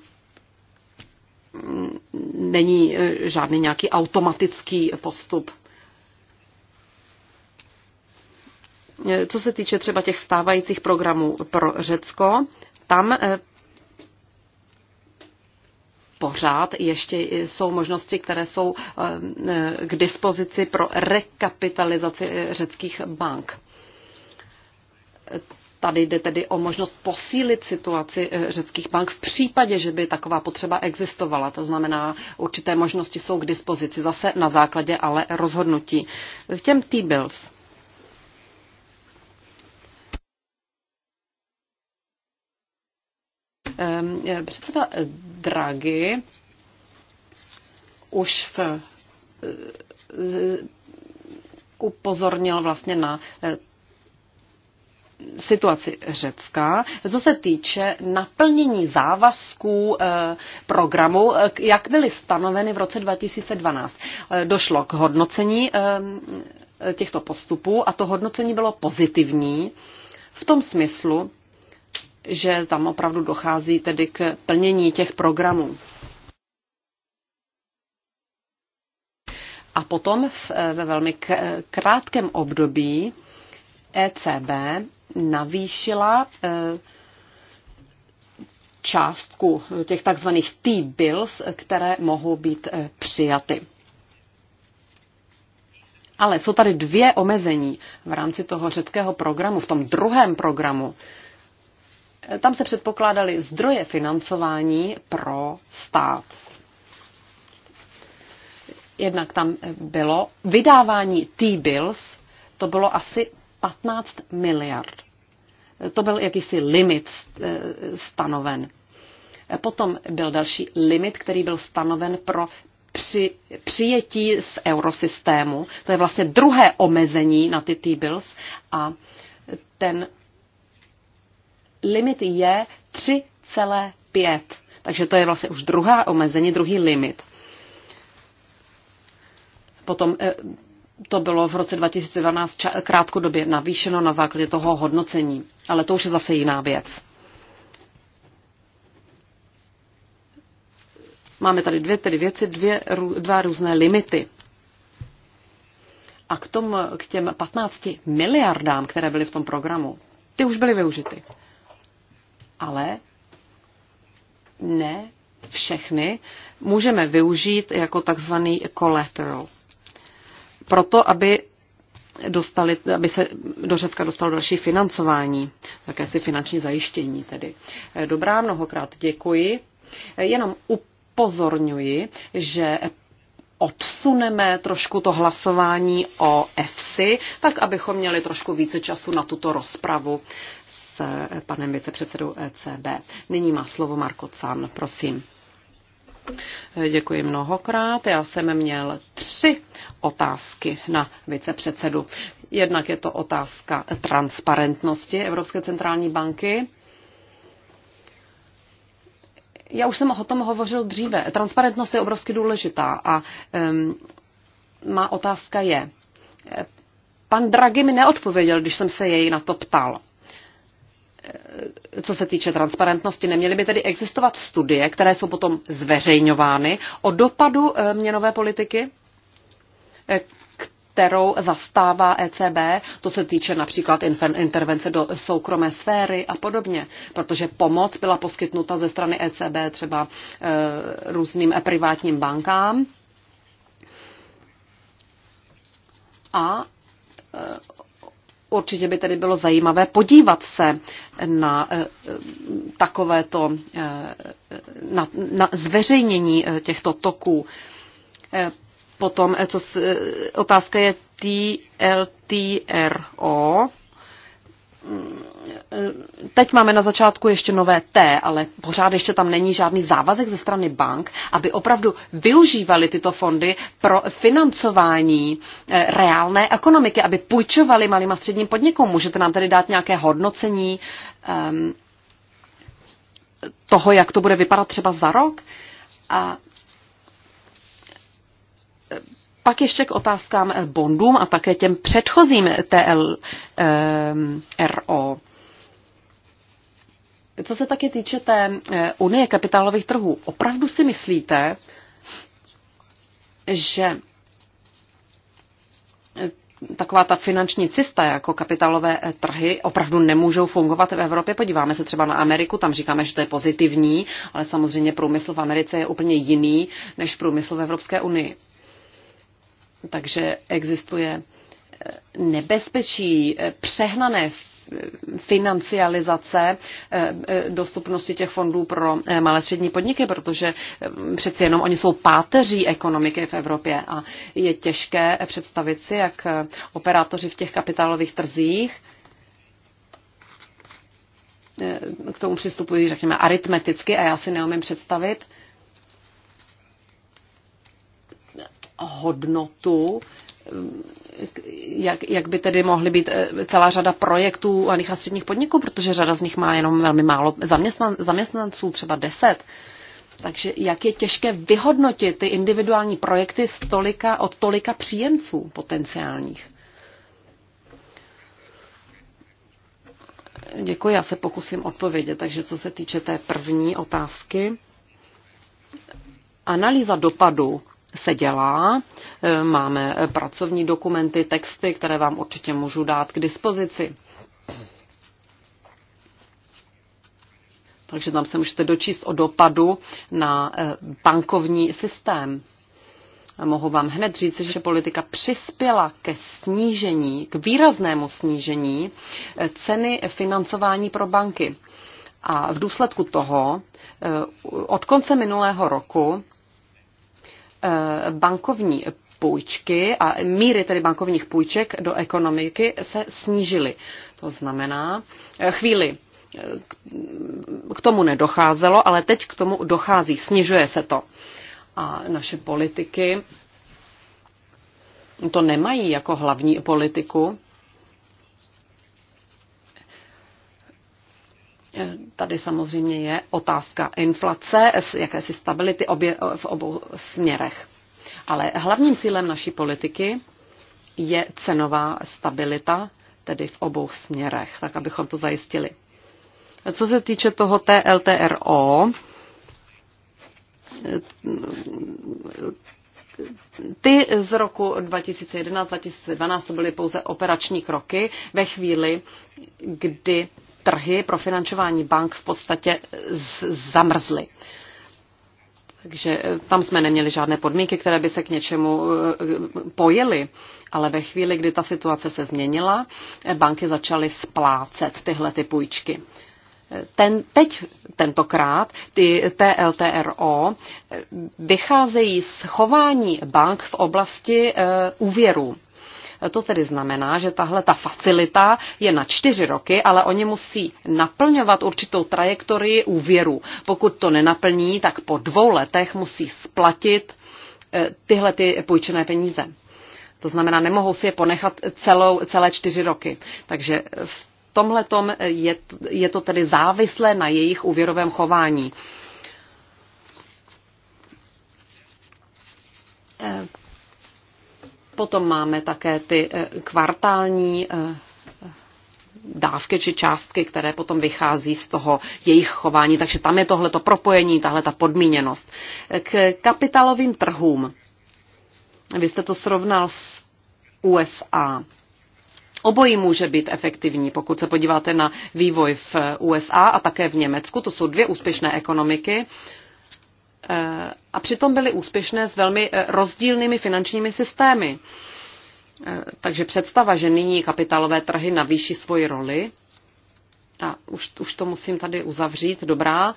mm, není eh, žádný nějaký automatický postup. Eh, co se týče třeba těch stávajících programů pro Řecko, tam pořád ještě jsou možnosti, které jsou eh, k dispozici pro rekapitalizaci eh, řeckých bank. Tady jde tedy o možnost posílit situaci eh, řeckých bank v případě, že by taková potřeba existovala. To znamená, určité možnosti jsou k dispozici zase na základě ale rozhodnutí. K těm T-bills. Ehm, předseda Draghi už v, eh, upozornil vlastně na eh, situaci Řecka, co se týče naplnění závazků eh, programu, jak byly stanoveny v roce 2012. Došlo k hodnocení těchto postupů a to hodnocení bylo pozitivní v tom smyslu, že tam opravdu dochází tedy k plnění těch programů. A potom ve velmi krátkém období ECB navýšila e, částku těch takzvaných T-bills, které mohou být e, přijaty. Ale jsou tady dvě omezení v rámci toho řeckého programu, v tom druhém programu. Tam se předpokládaly zdroje financování pro stát. Jednak tam bylo vydávání T-bills, to bylo asi 15 miliard. To byl jakýsi limit eh, stanoven. Potom byl další limit, který byl stanoven pro při, přijetí z eurosystému. To je vlastně druhé omezení na ty T-bills a ten limit je 3,5. Takže to je vlastně už druhá omezení, druhý limit. Potom eh, to bylo v roce 2012 krátkodobě navýšeno na základě toho hodnocení, ale to už je zase jiná věc. Máme tady dvě tedy věci, dvě, dva různé limity. A k, tom, k těm 15 miliardám, které byly v tom programu, ty už byly využity ale ne všechny můžeme využít jako takzvaný collateral. Proto, aby, dostali, aby se do Řecka dostalo další financování, si finanční zajištění tedy. Dobrá, mnohokrát děkuji. Jenom upozorňuji, že odsuneme trošku to hlasování o EFSI, tak abychom měli trošku více času na tuto rozpravu. Eh, panem vicepředsedou ECB. Nyní má slovo Marko Can, prosím. Eh, děkuji mnohokrát. Já jsem měl tři otázky na vicepředsedu. Jednak je to otázka transparentnosti Evropské centrální banky. Já už jsem o tom hovořil dříve. Transparentnost je obrovsky důležitá a um, má otázka je, eh, pan Draghi mi neodpověděl, když jsem se jej na to ptal co se týče transparentnosti, neměly by tedy existovat studie, které jsou potom zveřejňovány o dopadu eh, měnové politiky, eh, kterou zastává ECB, to se týče například intervence do soukromé sféry a podobně, protože pomoc byla poskytnuta ze strany ECB třeba eh, různým privátním bankám. A Určitě by tedy bylo zajímavé podívat se na eh, takovéto eh, na, na zveřejnění eh, těchto toků. Potom, co otázka je TLTRO, Mm, teď máme na začátku ještě nové T, ale pořád ještě tam není žádný závazek ze strany bank, aby opravdu využívali tyto fondy pro financování eh, reálné ekonomiky, aby půjčovali malým a středním podnikům. Můžete nám tedy dát nějaké hodnocení ehm, toho, jak to bude vypadat třeba za rok? A pak ještě k otázkám eh, bondům a také těm předchozím TLRO. Eh, Co se taky týče té eh, unie kapitálových trhů, opravdu si myslíte, že taková ta finanční cesta jako kapitálové trhy opravdu nemůžou fungovat v Evropě. Podíváme se třeba na Ameriku, tam říkáme, že to je pozitivní, ale samozřejmě průmysl v Americe je úplně jiný než průmysl v Evropské unii. Takže existuje eh, nebezpečí eh, přehnané financializace eh, dostupnosti těch fondů pro malé střední podniky, protože přeci jenom oni jsou páteří ekonomiky v Evropě a je těžké představit si, jak operátoři v těch kapitálových trzích k tomu přistupují, řekněme, aritmeticky a já si neumím představit, hodnotu, jak, jak by tedy mohly být eh, celá řada projektů malých a středních podniků, protože řada z nich má jenom velmi málo zaměstnan, zaměstnanců, třeba deset. Takže jak je těžké vyhodnotit ty individuální projekty z tolika, od tolika příjemců potenciálních? Děkuji, já se pokusím odpovědět. Takže co se týče té první otázky, analýza dopadu se dělá. E, máme pracovní dokumenty, texty, které vám určitě můžu dát k dispozici. Takže tam se můžete dočíst o dopadu na e, bankovní systém. A mohu vám hned říct, že politika přispěla ke snížení, k výraznému snížení e, ceny financování pro banky. A v důsledku toho od konce minulého roku Eh, bankovní půjčky a míry tedy bankovních půjček do ekonomiky se snížily. To znamená, eh, chvíli eh, k tomu nedocházelo, ale teď k tomu dochází, snižuje se to. A naše politiky to nemají jako hlavní politiku. Eh, tady samozřejmě je otázka inflace, jakési stability obě, eh, v obou směrech. Ale hlavním cílem naší politiky je cenová stabilita, tedy v obou směrech, tak abychom to zajistili. Co se týče toho TLTRO, eh, ty z roku 2011-2012 to byly pouze operační kroky ve chvíli, kdy trhy pro financování bank v podstatě zamrzly. Takže eh, tam jsme neměli žádné podmínky, které by se k něčemu eh, pojily. Ale ve chvíli, kdy ta situace se změnila, eh, banky začaly splácet tyhle ty půjčky. Ten, teď tentokrát ty TLTRO vycházejí z chování bank v oblasti e, úvěrů. To tedy znamená, že tahle ta facilita je na čtyři roky, ale oni musí naplňovat určitou trajektorii úvěru. Pokud to nenaplní, tak po dvou letech musí splatit eh, tyhle ty půjčené peníze. To znamená, nemohou si je ponechat celou, celé čtyři roky. Takže v tomhle je, je to tedy závislé na jejich úvěrovém chování. Potom máme také ty eh, kvartální eh, dávky či částky, které potom vychází z toho jejich chování. Takže tam je tohleto propojení, tahle ta podmíněnost. K kapitálovým trhům. Vy jste to srovnal s USA. Obojí může být efektivní, pokud se podíváte na vývoj v USA a také v Německu. To jsou dvě úspěšné ekonomiky. Eh, a přitom byly úspěšné s velmi eh, rozdílnými finančními systémy. Eh, takže představa, že nyní kapitálové trhy navýší svoji roli, a už, už to musím tady uzavřít, dobrá,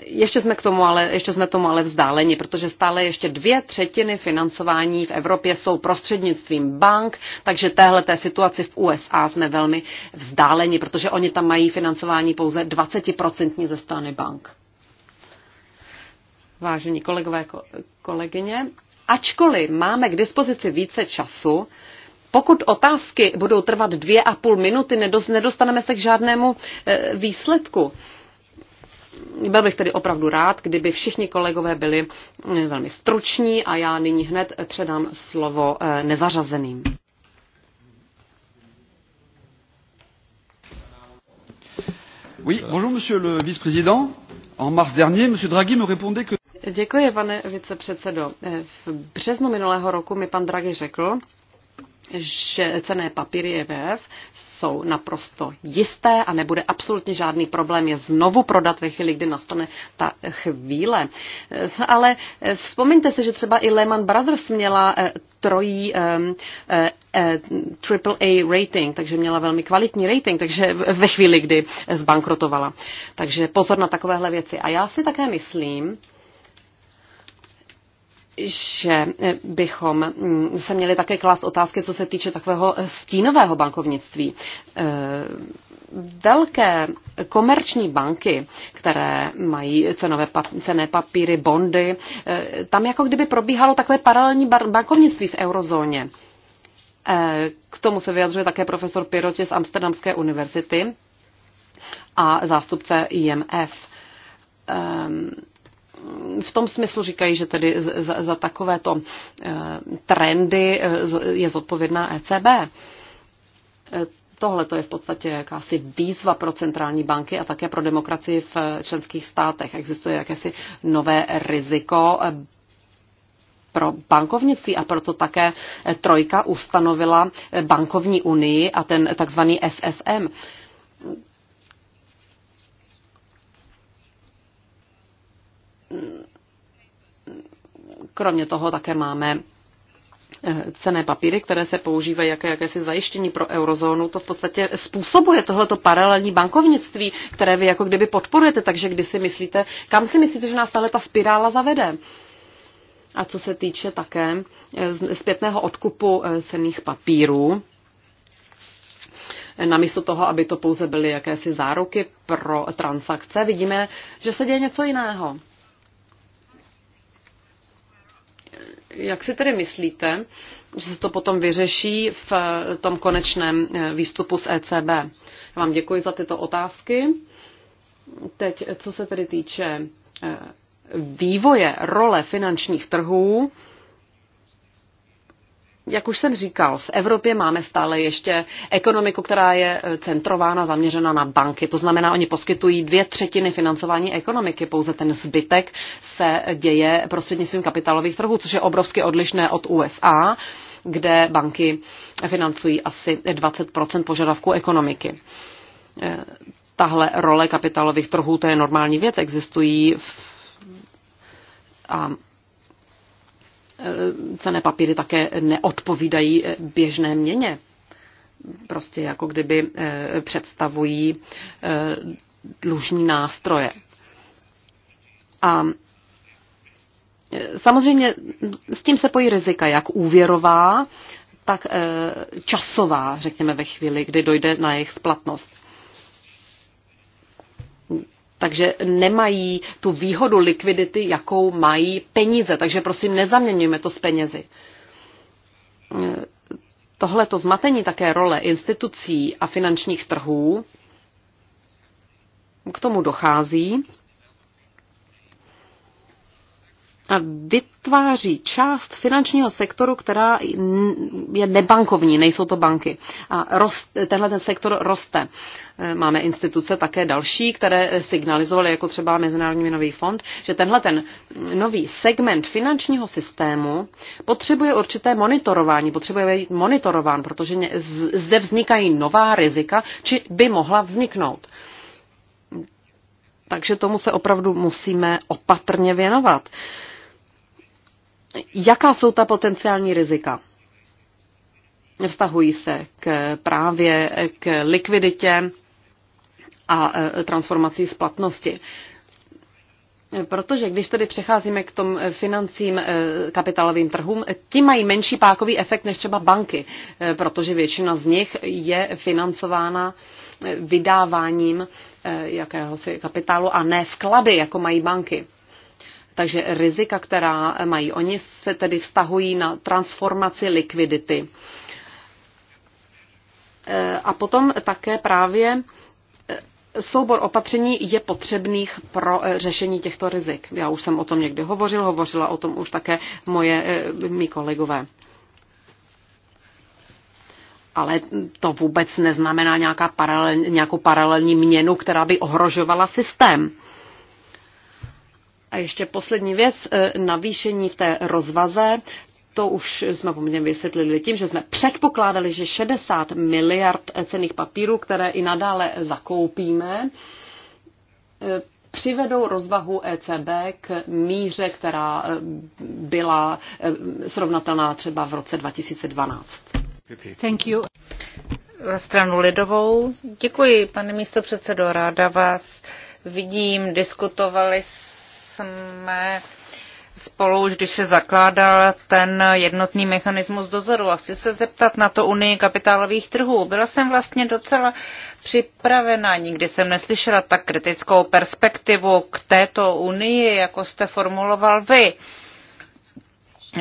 ještě jsme, k tomu ale, ještě jsme tomu ale vzdáleni, protože stále ještě dvě třetiny financování v Evropě jsou prostřednictvím bank, takže téhle té situaci v USA jsme velmi vzdáleni, protože oni tam mají financování pouze 20% ze strany bank vážení kolegové, kolegyně. Ačkoliv máme k dispozici více času, pokud otázky budou trvat dvě a půl minuty, nedostaneme se k žádnému e, výsledku. Byl bych tedy opravdu rád, kdyby všichni kolegové byli e, velmi struční a já nyní hned předám slovo e, nezařazeným. Oui, bonjour monsieur le vice-président. En mars dernier, monsieur Draghi me répondait que Děkuji, pane vicepředsedo. V březnu minulého roku mi pan Draghi řekl, že cené papíry EVF jsou naprosto jisté a nebude absolutně žádný problém je znovu prodat ve chvíli, kdy nastane ta chvíle. Ale vzpomeňte si, že třeba i Lehman Brothers měla eh, trojí AAA eh, eh, rating, takže měla velmi kvalitní rating, takže ve chvíli, kdy zbankrotovala. Takže pozor na takovéhle věci. A já si také myslím, že bychom mm, se měli také klást otázky, co se týče takového stínového bankovnictví. Eh, velké komerční banky, které mají cenové pap- cené papíry, bondy, eh, tam jako kdyby probíhalo takové paralelní bankovnictví v eurozóně. Eh, k tomu se vyjadřuje také profesor Pirotě z Amsterdamské univerzity a zástupce IMF. Um, ehm, v tom smyslu říkají, že tedy za, za takovéto eh, trendy eh, je zodpovědná ECB. Eh, Tohle to je v podstatě jakási výzva pro centrální banky a také pro demokracii v členských státech. Existuje jakési nové riziko pro bankovnictví a proto také Trojka ustanovila bankovní unii a ten takzvaný SSM Kromě toho také máme eh, cené papíry, které se používají jako jakési zajištění pro eurozónu, to v podstatě způsobuje tohleto paralelní bankovnictví, které vy jako kdyby podporujete, takže kdy si myslíte, kam si myslíte, že nás tahle ta spirála zavede? A co se týče také eh, zpětného odkupu eh, cených papírů, namísto toho, aby to pouze byly jakési záruky pro transakce, vidíme, že se děje něco jiného. Jak si tedy myslíte, že se to potom vyřeší v eh, tom konečném eh, výstupu z ECB? Já vám děkuji za tyto otázky. Teď, eh, co se tedy týče vývoje role finančních trhů, jak už jsem říkal, v Evropě máme stále ještě ekonomiku, která je e, centrována, zaměřena na banky. To znamená, oni poskytují dvě třetiny financování ekonomiky, pouze ten zbytek se děje prostřednictvím kapitálových trhů, což je obrovsky odlišné od USA, kde banky financují asi 20 požadavků ekonomiky e, tahle role kapitálových trhů, to je normální věc, existují v, a cené papíry také neodpovídají běžné měně. Prostě jako kdyby eh, představují eh, dlužní nástroje. A eh, samozřejmě s tím se pojí rizika, jak úvěrová, tak časová, řekněme ve chvíli, kdy dojde na jejich splatnost takže nemají tu výhodu likvidity, jakou mají peníze. Takže prosím, nezaměňujme to s penězi. to zmatení také role institucí a finančních trhů k tomu dochází a vytváří část finančního sektoru, která je nebankovní, nejsou to banky. A rost, tenhle ten sektor roste. Máme instituce také další, které signalizovaly, jako třeba Mezinárodní měnový fond, že tenhle ten nový segment finančního systému potřebuje určité monitorování, potřebuje být monitorován, protože zde vznikají nová rizika, či by mohla vzniknout. Takže tomu se opravdu musíme opatrně věnovat jaká jsou ta potenciální rizika? Vztahují se k právě k likviditě a e, transformací splatnosti. Protože když tedy přecházíme k tom financím e, kapitálovým trhům, ti mají menší pákový efekt než třeba banky, e, protože většina z nich je financována vydáváním jakéhosi kapitálu a ne vklady, jako mají banky. Takže rizika, která mají oni, se tedy vztahují na transformaci likvidity. E, a potom také právě e, soubor opatření je potřebných pro e, řešení těchto rizik. Já už jsem o tom někdy hovořil, hovořila o tom už také moje, mý kolegové. Ale to vůbec neznamená nějaká paralel, nějakou paralelní měnu, která by ohrožovala systém. A ještě poslední věc, eh, navýšení v té rozvaze, to už jsme poměrně vysvětlili tím, že jsme předpokládali, že 60 miliard cených papírů, které i nadále zakoupíme, eh, přivedou rozvahu ECB k míře, která eh, byla srovnatelná třeba v roce 2012. Thank you. Za stranu lidovou. Děkuji, pane místo předsedo, ráda vás vidím. Diskutovali jsme jsme spolu už, když se zakládal ten jednotný mechanismus dozoru. A chci se zeptat na to Unii kapitálových trhů. Byla jsem vlastně docela připravená, nikdy jsem neslyšela tak kritickou perspektivu k této Unii, jako jste formuloval vy.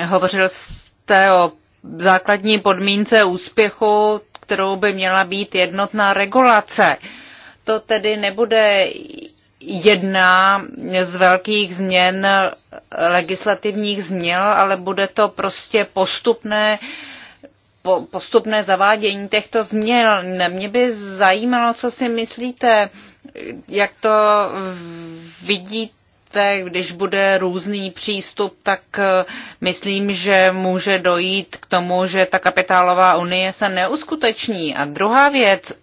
Hovořil jste o základní podmínce úspěchu, kterou by měla být jednotná regulace. To tedy nebude Jedna z velkých změn, legislativních změn, ale bude to prostě postupné postupné zavádění těchto změn. Mě by zajímalo, co si myslíte, jak to vidíte, když bude různý přístup, tak eh, myslím, že může dojít k tomu, že ta kapitálová unie se neuskuteční. A druhá věc,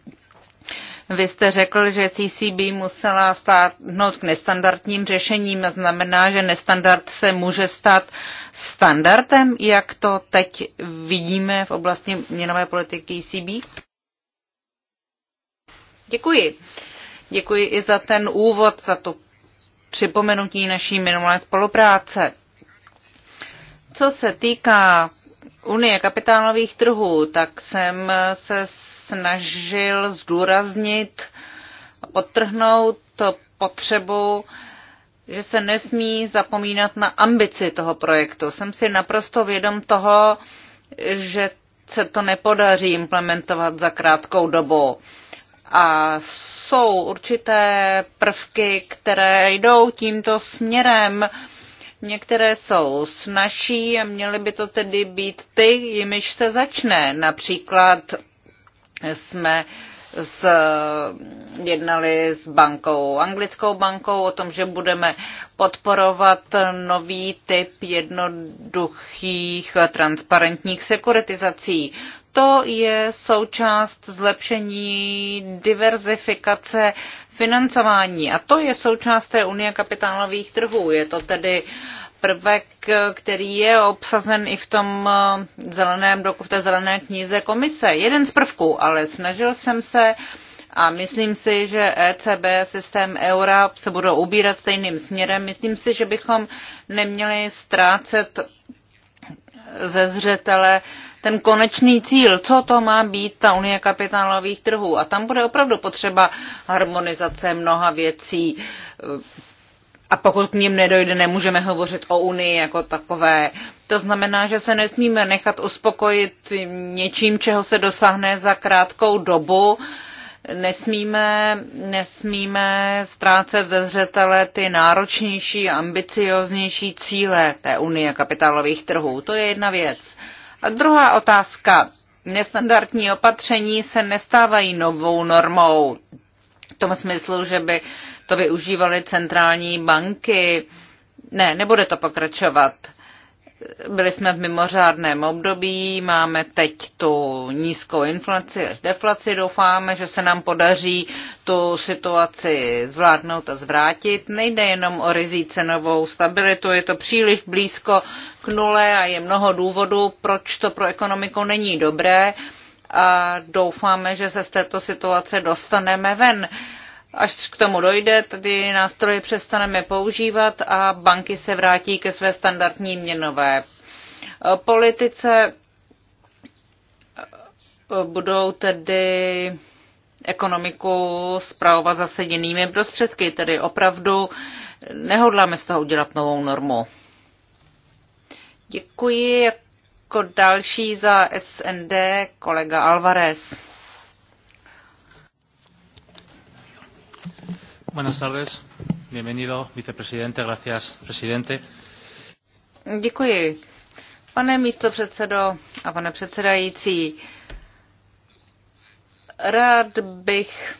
vy jste řekl, že CCB musela státnout k nestandardním řešením, znamená, že nestandard se může stát standardem, jak to teď vidíme v oblasti měnové politiky ECB? Děkuji. Děkuji i za ten úvod, za to připomenutí naší minulé spolupráce. Co se týká Unie kapitálových trhů, tak jsem se snažil zdůraznit, podtrhnout potřebu, že se nesmí zapomínat na ambici toho projektu. Jsem si naprosto vědom toho, že se to nepodaří implementovat za krátkou dobu. A jsou určité prvky, které jdou tímto směrem. Některé jsou snažší a měly by to tedy být ty, jimiž se začne. Například jsme s, jednali s bankou, anglickou bankou, o tom, že budeme podporovat nový typ jednoduchých transparentních sekuritizací. To je součást zlepšení diverzifikace financování a to je součást té unie kapitálových trhů. Je to tedy prvek, který je obsazen i v tom eh, zeleném doku, v té zelené knize komise. Jeden z prvků, ale snažil jsem se a myslím si, že ECB, systém eura se budou ubírat stejným směrem. Myslím si, že bychom neměli ztrácet ze zřetele ten konečný cíl, co to má být ta unie kapitálových trhů. A tam bude opravdu potřeba harmonizace mnoha věcí a pokud k ním nedojde, nemůžeme hovořit o Unii jako takové. To znamená, že se nesmíme nechat uspokojit něčím, čeho se dosáhne za krátkou dobu. Nesmíme, nesmíme ztrácet ze zřetele ty náročnější, ambicioznější cíle té Unie kapitálových trhů. To je jedna věc. A druhá otázka. Nestandardní opatření se nestávají novou normou. V tom smyslu, že by to využívaly centrální banky. Ne, nebude to pokračovat. Byli jsme v mimořádném období, máme teď tu nízkou inflaci až deflaci. Doufáme, že se nám podaří tu situaci zvládnout a zvrátit. Nejde jenom o rizí cenovou stabilitu, je to příliš blízko k nule a je mnoho důvodů, proč to pro ekonomiku není dobré. A doufáme, že se z této situace dostaneme ven. Uh, Až k tomu dojde, tedy nástroje přestaneme používat a banky se vrátí ke své standardní měnové politice. Budou tedy ekonomiku zpravovat zase jinými prostředky, tedy opravdu nehodláme z toho udělat novou normu. Děkuji jako další za SND kolega Alvarez. Buenas tardes. Bienvenido, vicepresidente. Gracias, presidente. Děkuji. Pane místopředsedo a pane předsedající, rád bych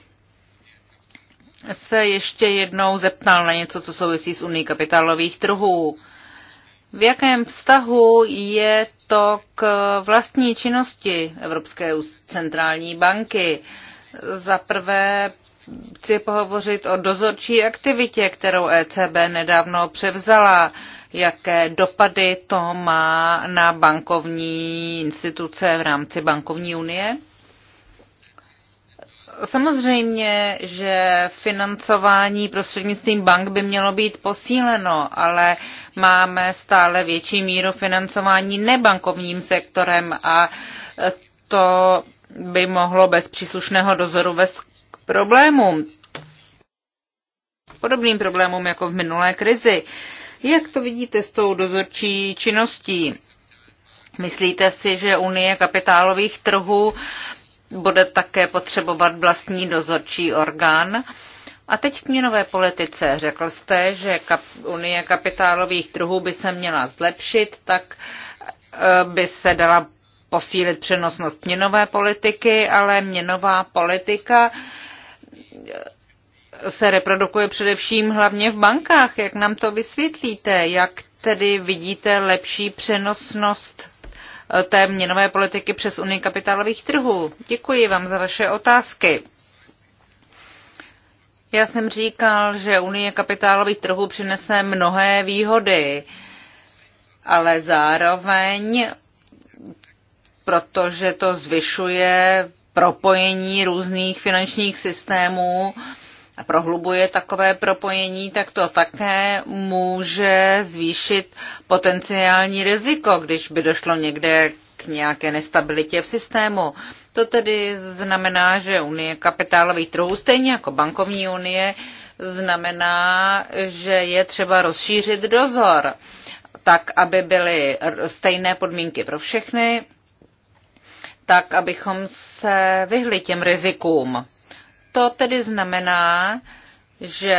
se ještě jednou zeptal na něco, co souvisí s Unii kapitálových trhů. V jakém vztahu je to k vlastní činnosti Evropské centrální banky? Za prvé chci pohovořit o dozorčí aktivitě, kterou ECB nedávno převzala. Jaké dopady to má na bankovní instituce v rámci bankovní unie? Samozřejmě, že financování prostřednictvím bank by mělo být posíleno, ale máme stále větší míru financování nebankovním sektorem a to by mohlo bez příslušného dozoru vést problémům. Podobným problémům jako v minulé krizi. Jak to vidíte s tou dozorčí činností? Myslíte si, že Unie kapitálových trhů bude také potřebovat vlastní dozorčí orgán? A teď k měnové politice. Řekl jste, že kap, Unie kapitálových trhů by se měla zlepšit, tak eh, by se dala posílit přenosnost měnové politiky, ale měnová politika se reprodukuje především hlavně v bankách. Jak nám to vysvětlíte? Jak tedy vidíte lepší přenosnost eh, té měnové politiky přes Unii kapitálových trhů? Děkuji vám za vaše otázky. Já jsem říkal, že Unie kapitálových trhů přinese mnohé výhody, ale zároveň, protože to zvyšuje propojení různých finančních systémů a prohlubuje takové propojení, tak to také může zvýšit potenciální riziko, když by došlo někde k nějaké nestabilitě v systému. To tedy znamená, že Unie kapitálových trhů, stejně jako bankovní unie, znamená, že je třeba rozšířit dozor tak, aby byly stejné podmínky pro všechny tak, abychom se vyhli těm rizikům. To tedy znamená, že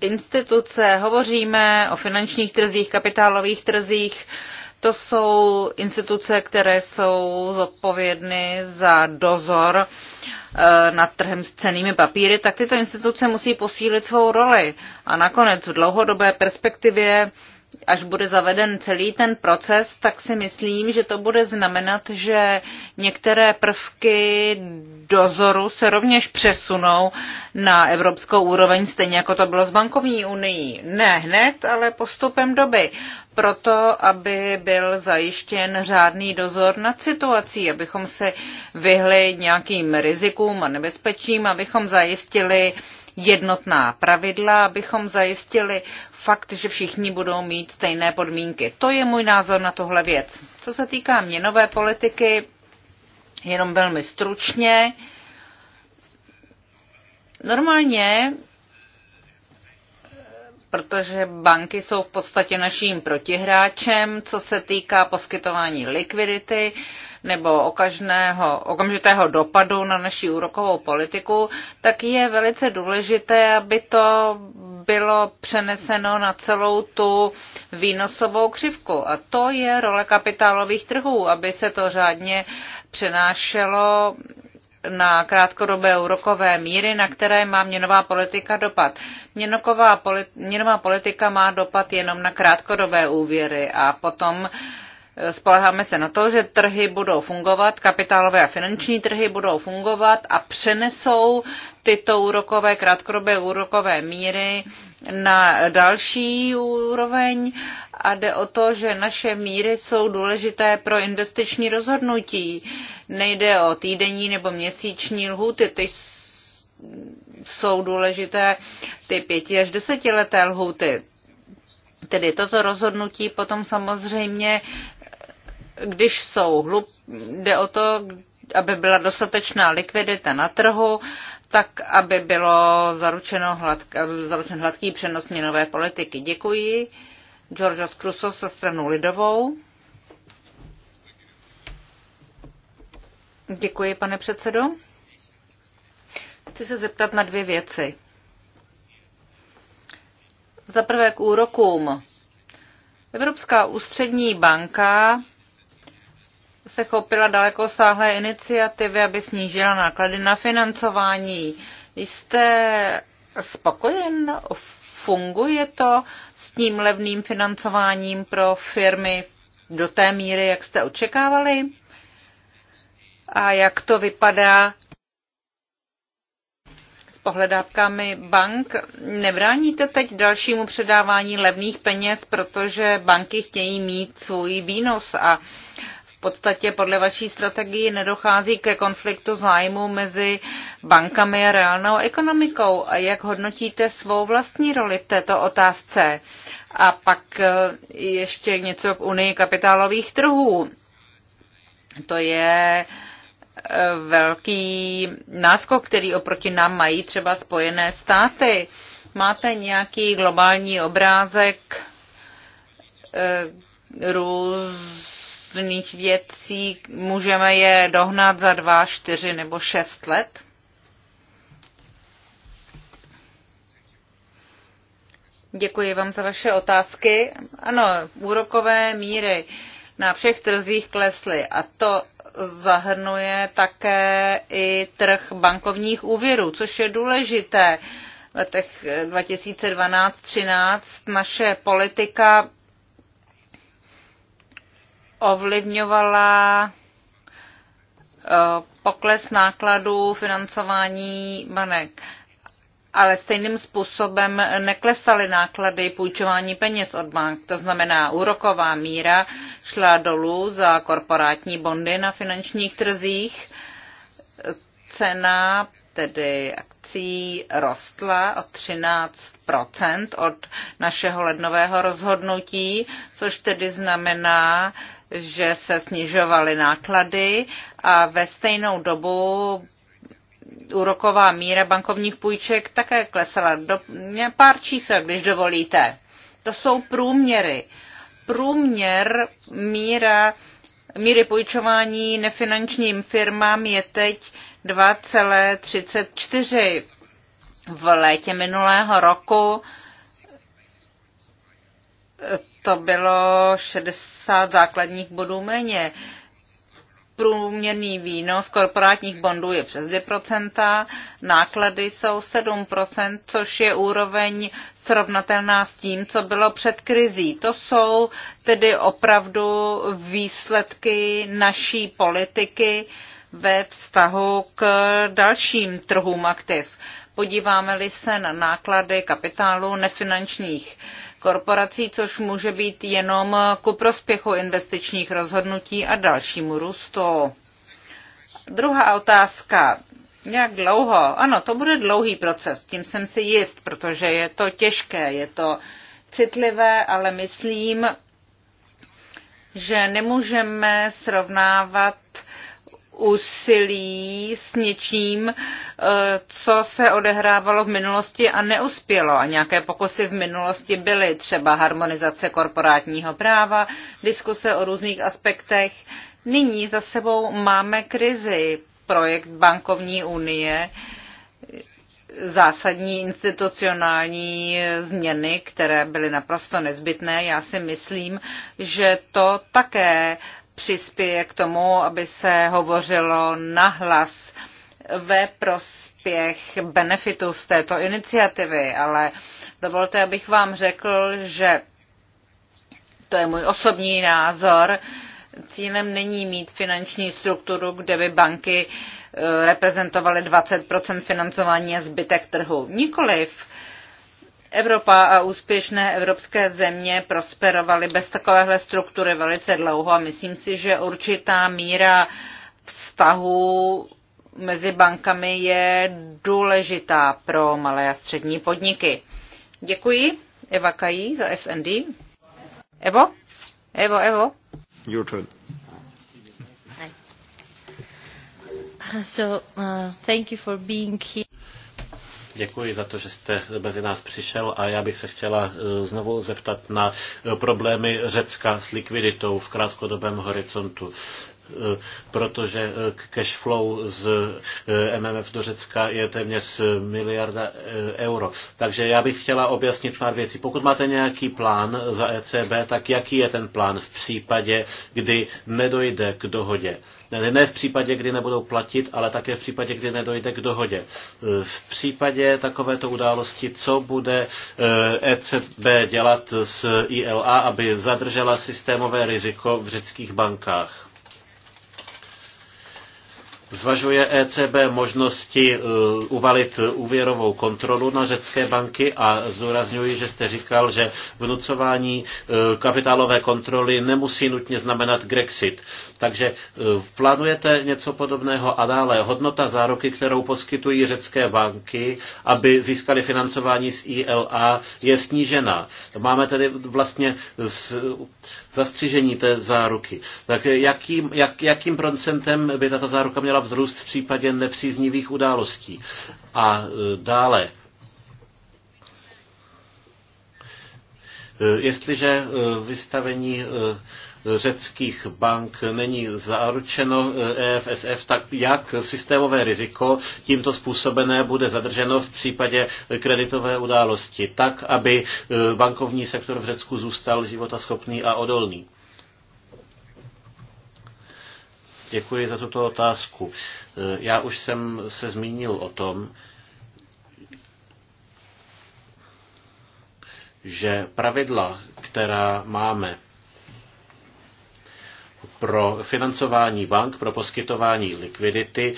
instituce, hovoříme o finančních trzích, kapitálových trzích, to jsou instituce, které jsou zodpovědny za dozor eh, nad trhem s cenými papíry, tak tyto instituce musí posílit svou roli. A nakonec v dlouhodobé perspektivě až bude zaveden celý ten proces, tak si myslím, že to bude znamenat, že některé prvky dozoru se rovněž přesunou na evropskou úroveň, stejně jako to bylo s bankovní unii. Ne hned, ale postupem doby. Proto, aby byl zajištěn řádný dozor nad situací, abychom se vyhli nějakým rizikům a nebezpečím, abychom zajistili jednotná pravidla, abychom zajistili fakt, že všichni budou mít stejné podmínky. To je můj názor na tohle věc. Co se týká měnové politiky, jenom velmi stručně. Normálně protože banky jsou v podstatě naším protihráčem, co se týká poskytování likvidity nebo okažného, okamžitého dopadu na naši úrokovou politiku, tak je velice důležité, aby to bylo přeneseno na celou tu výnosovou křivku. A to je role kapitálových trhů, aby se to řádně přenášelo na krátkodobé úrokové míry, na které má měnová politika dopad. Měnová politika má dopad jenom na krátkodobé úvěry a potom uh, Spoleháme se na to, že trhy budou fungovat, kapitálové a finanční trhy budou fungovat a přenesou tyto úrokové, krátkodobé úrokové míry na další úroveň a jde o to, že naše míry jsou důležité pro investiční rozhodnutí. Nejde o týdenní nebo měsíční lhuty, ty jsou důležité ty pěti až desetileté lhuty. Tedy toto rozhodnutí potom samozřejmě když jsou hlub, jde o to, aby byla dostatečná likvidita na trhu, tak aby bylo zaručeno hladký, aby byl zaručen hladký přenos měnové politiky. Děkuji. Georgios Krusov se stranou Lidovou. Děkuji, pane předsedo. Chci se zeptat na dvě věci. Za prvé k úrokům. Evropská ústřední banka se chopila daleko sáhlé iniciativy, aby snížila náklady na financování. Jste spokojen? Funguje to s tím levným financováním pro firmy do té míry, jak jste očekávali? A jak to vypadá s pohledávkami bank? Nebráníte teď dalšímu předávání levných peněz, protože banky chtějí mít svůj výnos a podstatě podle vaší strategii nedochází ke konfliktu zájmu mezi bankami a reálnou ekonomikou. A jak hodnotíte svou vlastní roli v této otázce? A pak e, ještě něco k Unii kapitálových trhů. To je e, velký náskok, který oproti nám mají třeba Spojené státy. Máte nějaký globální obrázek e, růz různých věcí, můžeme je dohnat za dva, čtyři nebo šest let? Děkuji vám za vaše otázky. Ano, úrokové míry na všech trzích klesly a to zahrnuje také i trh bankovních úvěrů, což je důležité. V letech 2012-2013 naše politika ovlivňovala eh, pokles nákladů financování banek. Ale stejným způsobem neklesaly náklady půjčování peněz od bank. To znamená, úroková míra šla dolů za korporátní bondy na finančních trzích. Cena tedy akcí rostla o 13 od našeho lednového rozhodnutí, což tedy znamená, že se snižovaly náklady a ve stejnou dobu úroková míra bankovních půjček také klesala. Do, pár čísel, když dovolíte. To jsou průměry. Průměr míra, míry půjčování nefinančním firmám je teď 2,34. V létě minulého roku to bylo 60 základních bodů méně. Průměrný výnos korporátních bondů je přes 2%, náklady jsou 7%, což je úroveň srovnatelná s tím, co bylo před krizí. To jsou tedy opravdu výsledky naší politiky ve vztahu k dalším trhům aktiv. Podíváme-li se na náklady kapitálu nefinančních korporací, což může být jenom ku prospěchu investičních rozhodnutí a dalšímu růstu. Druhá otázka. Jak dlouho? Ano, to bude dlouhý proces, tím jsem si jist, protože je to těžké, je to citlivé, ale myslím, že nemůžeme srovnávat úsilí s něčím, eh, co se odehrávalo v minulosti a neuspělo. A nějaké pokusy v minulosti byly, třeba harmonizace korporátního práva, diskuse o různých aspektech. Nyní za sebou máme krizi. Projekt bankovní unie, zásadní institucionální změny, které byly naprosto nezbytné. Já si myslím, že to také přispěje k tomu, aby se hovořilo nahlas ve prospěch benefitu z této iniciativy, ale dovolte, abych vám řekl, že to je můj osobní názor, cílem není mít finanční strukturu, kde by banky eh, reprezentovaly 20 financování a zbytek trhu. Nikoliv. Evropa a úspěšné evropské země prosperovaly bez takovéhle struktury velice dlouho a myslím si, že určitá míra vztahu mezi bankami je důležitá pro malé a střední podniky. Děkuji. Eva Kají za SND. Evo? Evo, Evo? Your turn. So, uh, thank you for being here. Děkuji za to, že jste mezi nás přišel a já bych se chtěla e, znovu zeptat na e, problémy Řecka s likviditou v krátkodobém horizontu. Eh, protože eh, cash flow z eh, MMF do Řecka je téměř miliarda euro. Takže já bych chtěla objasnit pár věcí. Pokud máte nějaký plán za ECB, tak jaký je ten plán v případě, kdy nedojde k dohodě? Ne v případě, kdy nebudou platit, ale také v případě, kdy nedojde k dohodě. V případě takovéto události, co bude ECB e dělat s ILA, aby zadržela systémové riziko v řeckých bankách? Zvažuje ECB možnosti e, uvalit úvěrovou kontrolu na řecké banky a zúrazňuji, že jste říkal, že vnucování e, kapitálové kontroly nemusí nutně znamenat Grexit. Takže e, plánujete něco podobného a dále hodnota záruky, kterou poskytují řecké banky, aby získali financování z ILA, je snížena. Máme tedy vlastně zastřižení té záruky. Tak jakým, jak, jakým procentem by tato záruka měla měla vzrůst v případě nepříznivých událostí. A e, dále, e, jestliže e, vystavení řeckých bank není zaručeno EFSF, tak jak systémové riziko tímto způsobené bude zadrženo v případě kreditové události, tak aby bankovní sektor v Řecku zůstal životaschopný a odolný. Děkuji za tuto otázku. Já už jsem se zmínil o tom, že pravidla, která máme pro financování bank, pro poskytování likvidity,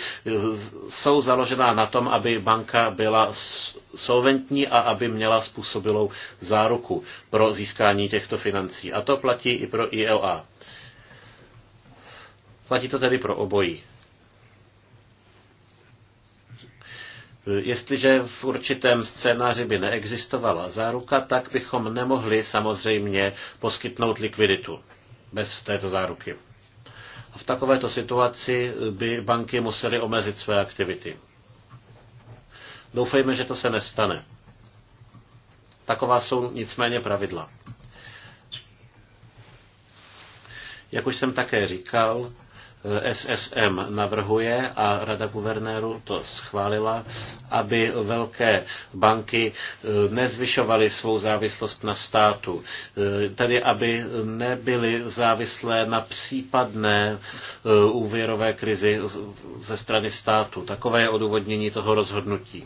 jsou založená na tom, aby banka byla solventní a aby měla způsobilou záruku pro získání těchto financí. A to platí i pro ILA. Platí to tedy pro obojí. Jestliže v určitém scénáři by neexistovala záruka, tak bychom nemohli samozřejmě poskytnout likviditu bez této záruky. A v takovéto situaci by banky musely omezit své aktivity. Doufejme, že to se nestane. Taková jsou nicméně pravidla. Jak už jsem také říkal, SSM navrhuje a Rada guvernérů to schválila, aby velké banky e, nezvyšovaly svou závislost na státu, e, tedy aby nebyly závislé na případné e, úvěrové krizi ze strany státu. Takové je odůvodnění toho rozhodnutí.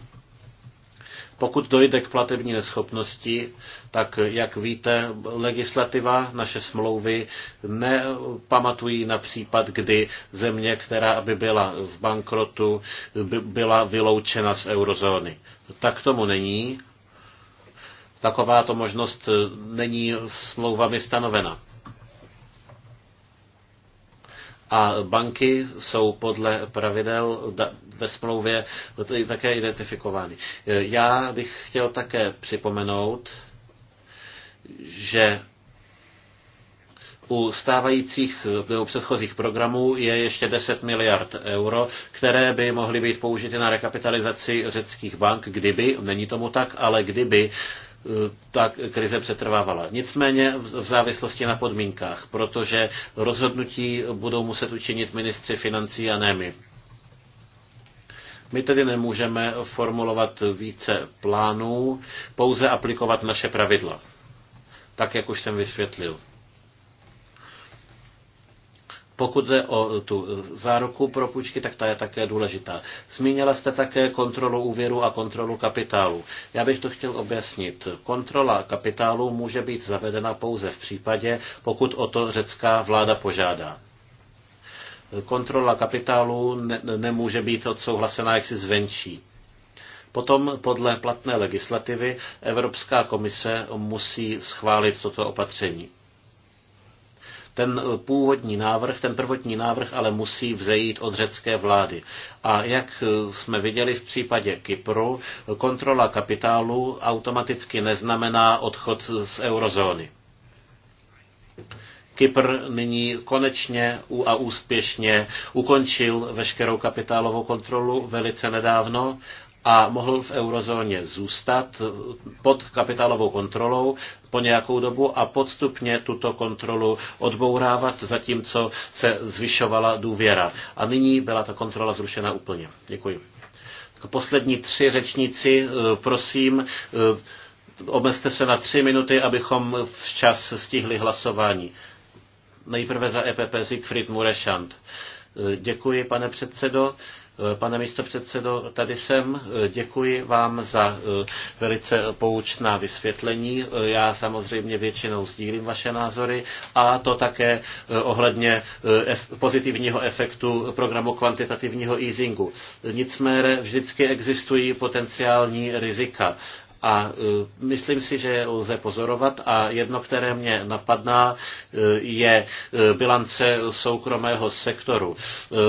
Pokud dojde k platební neschopnosti, tak jak víte, legislativa, naše smlouvy nepamatují na případ, kdy země, která by byla v bankrotu, by byla vyloučena z eurozóny. Tak tomu není. Takováto možnost není smlouvami stanovena. A banky jsou podle pravidel ve smlouvě také identifikovány. Já bych chtěl také připomenout, že u stávajících nebo předchozích programů je ještě 10 miliard euro, které by mohly být použity na rekapitalizaci řeckých bank, kdyby, není tomu tak, ale kdyby ta krize přetrvávala. Nicméně v závislosti na podmínkách, protože rozhodnutí budou muset učinit ministři financí a ne my. My tedy nemůžeme formulovat více plánů, pouze aplikovat naše pravidla, tak jak už jsem vysvětlil. Pokud jde o e, tu e, záruku pro půjčky, tak ta je také důležitá. Zmínila jste také kontrolu úvěru a kontrolu kapitálu. Já bych to chtěl objasnit. Kontrola kapitálu může být zavedena pouze v případě, pokud o to řecká vláda požádá kontrola kapitálu ne, nemůže být odsouhlasená jaksi zvenčí. Potom podle platné legislativy Evropská komise musí schválit toto opatření. Ten původní návrh, ten prvotní návrh ale musí vzejít od řecké vlády. A jak jsme viděli v případě Kypru, kontrola kapitálu automaticky neznamená odchod z eurozóny. Kypr nyní konečně a úspěšně ukončil veškerou kapitálovou kontrolu velice nedávno a mohl v eurozóně zůstat pod kapitálovou kontrolou po nějakou dobu a podstupně tuto kontrolu odbourávat, zatímco se zvyšovala důvěra. A nyní byla ta kontrola zrušena úplně. Děkuji. Poslední tři řečníci, eh, prosím, eh, omezte se na tři minuty, abychom včas stihli hlasování. Nejprve za EPP Siegfried Murešant. Eh, děkuji, pane předsedo. Pane místopředsedo, tady jsem. Děkuji vám za e, velice poučná vysvětlení. E, já samozřejmě většinou sdílím vaše názory a to také e, ohledně pozitivního efektu programu kvantitativního easingu. Nicméně vždycky existují potenciální rizika. A myslím si, že je lze pozorovat a jedno, které mě napadná, je bilance soukromého sektoru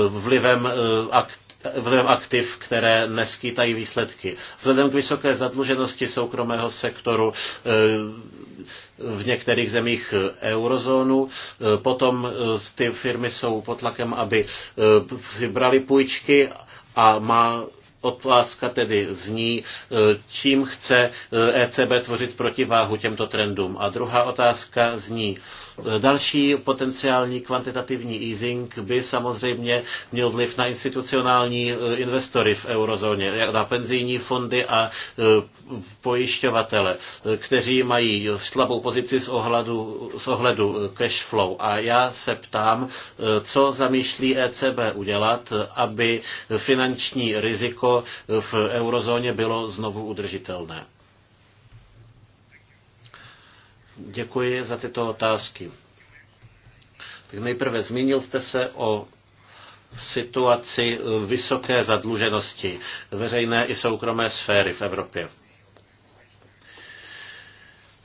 vlivem akt vlivem aktiv, které neskýtají výsledky. Vzhledem k vysoké zadluženosti soukromého sektoru eh, v některých zemích eh, eurozónu, eh, potom ty firmy jsou pod tlakem, aby si brali půjčky a má Otázka tedy zní, čím chce ECB e tvořit protiváhu těmto trendům. A druhá otázka zní, Další potenciální kvantitativní easing by samozřejmě měl vliv na institucionální e, investory v eurozóně, na penzijní fondy a e, pojišťovatele, e, kteří mají slabou pozici z ohledu, z ohledu cash flow. A já se ptám, co zamýšlí ECB udělat, aby finanční riziko v eurozóně bylo znovu udržitelné. Děkuji za tyto otázky. Tak nejprve zmínil jste se o situaci vysoké zadluženosti veřejné i soukromé sféry v Evropě.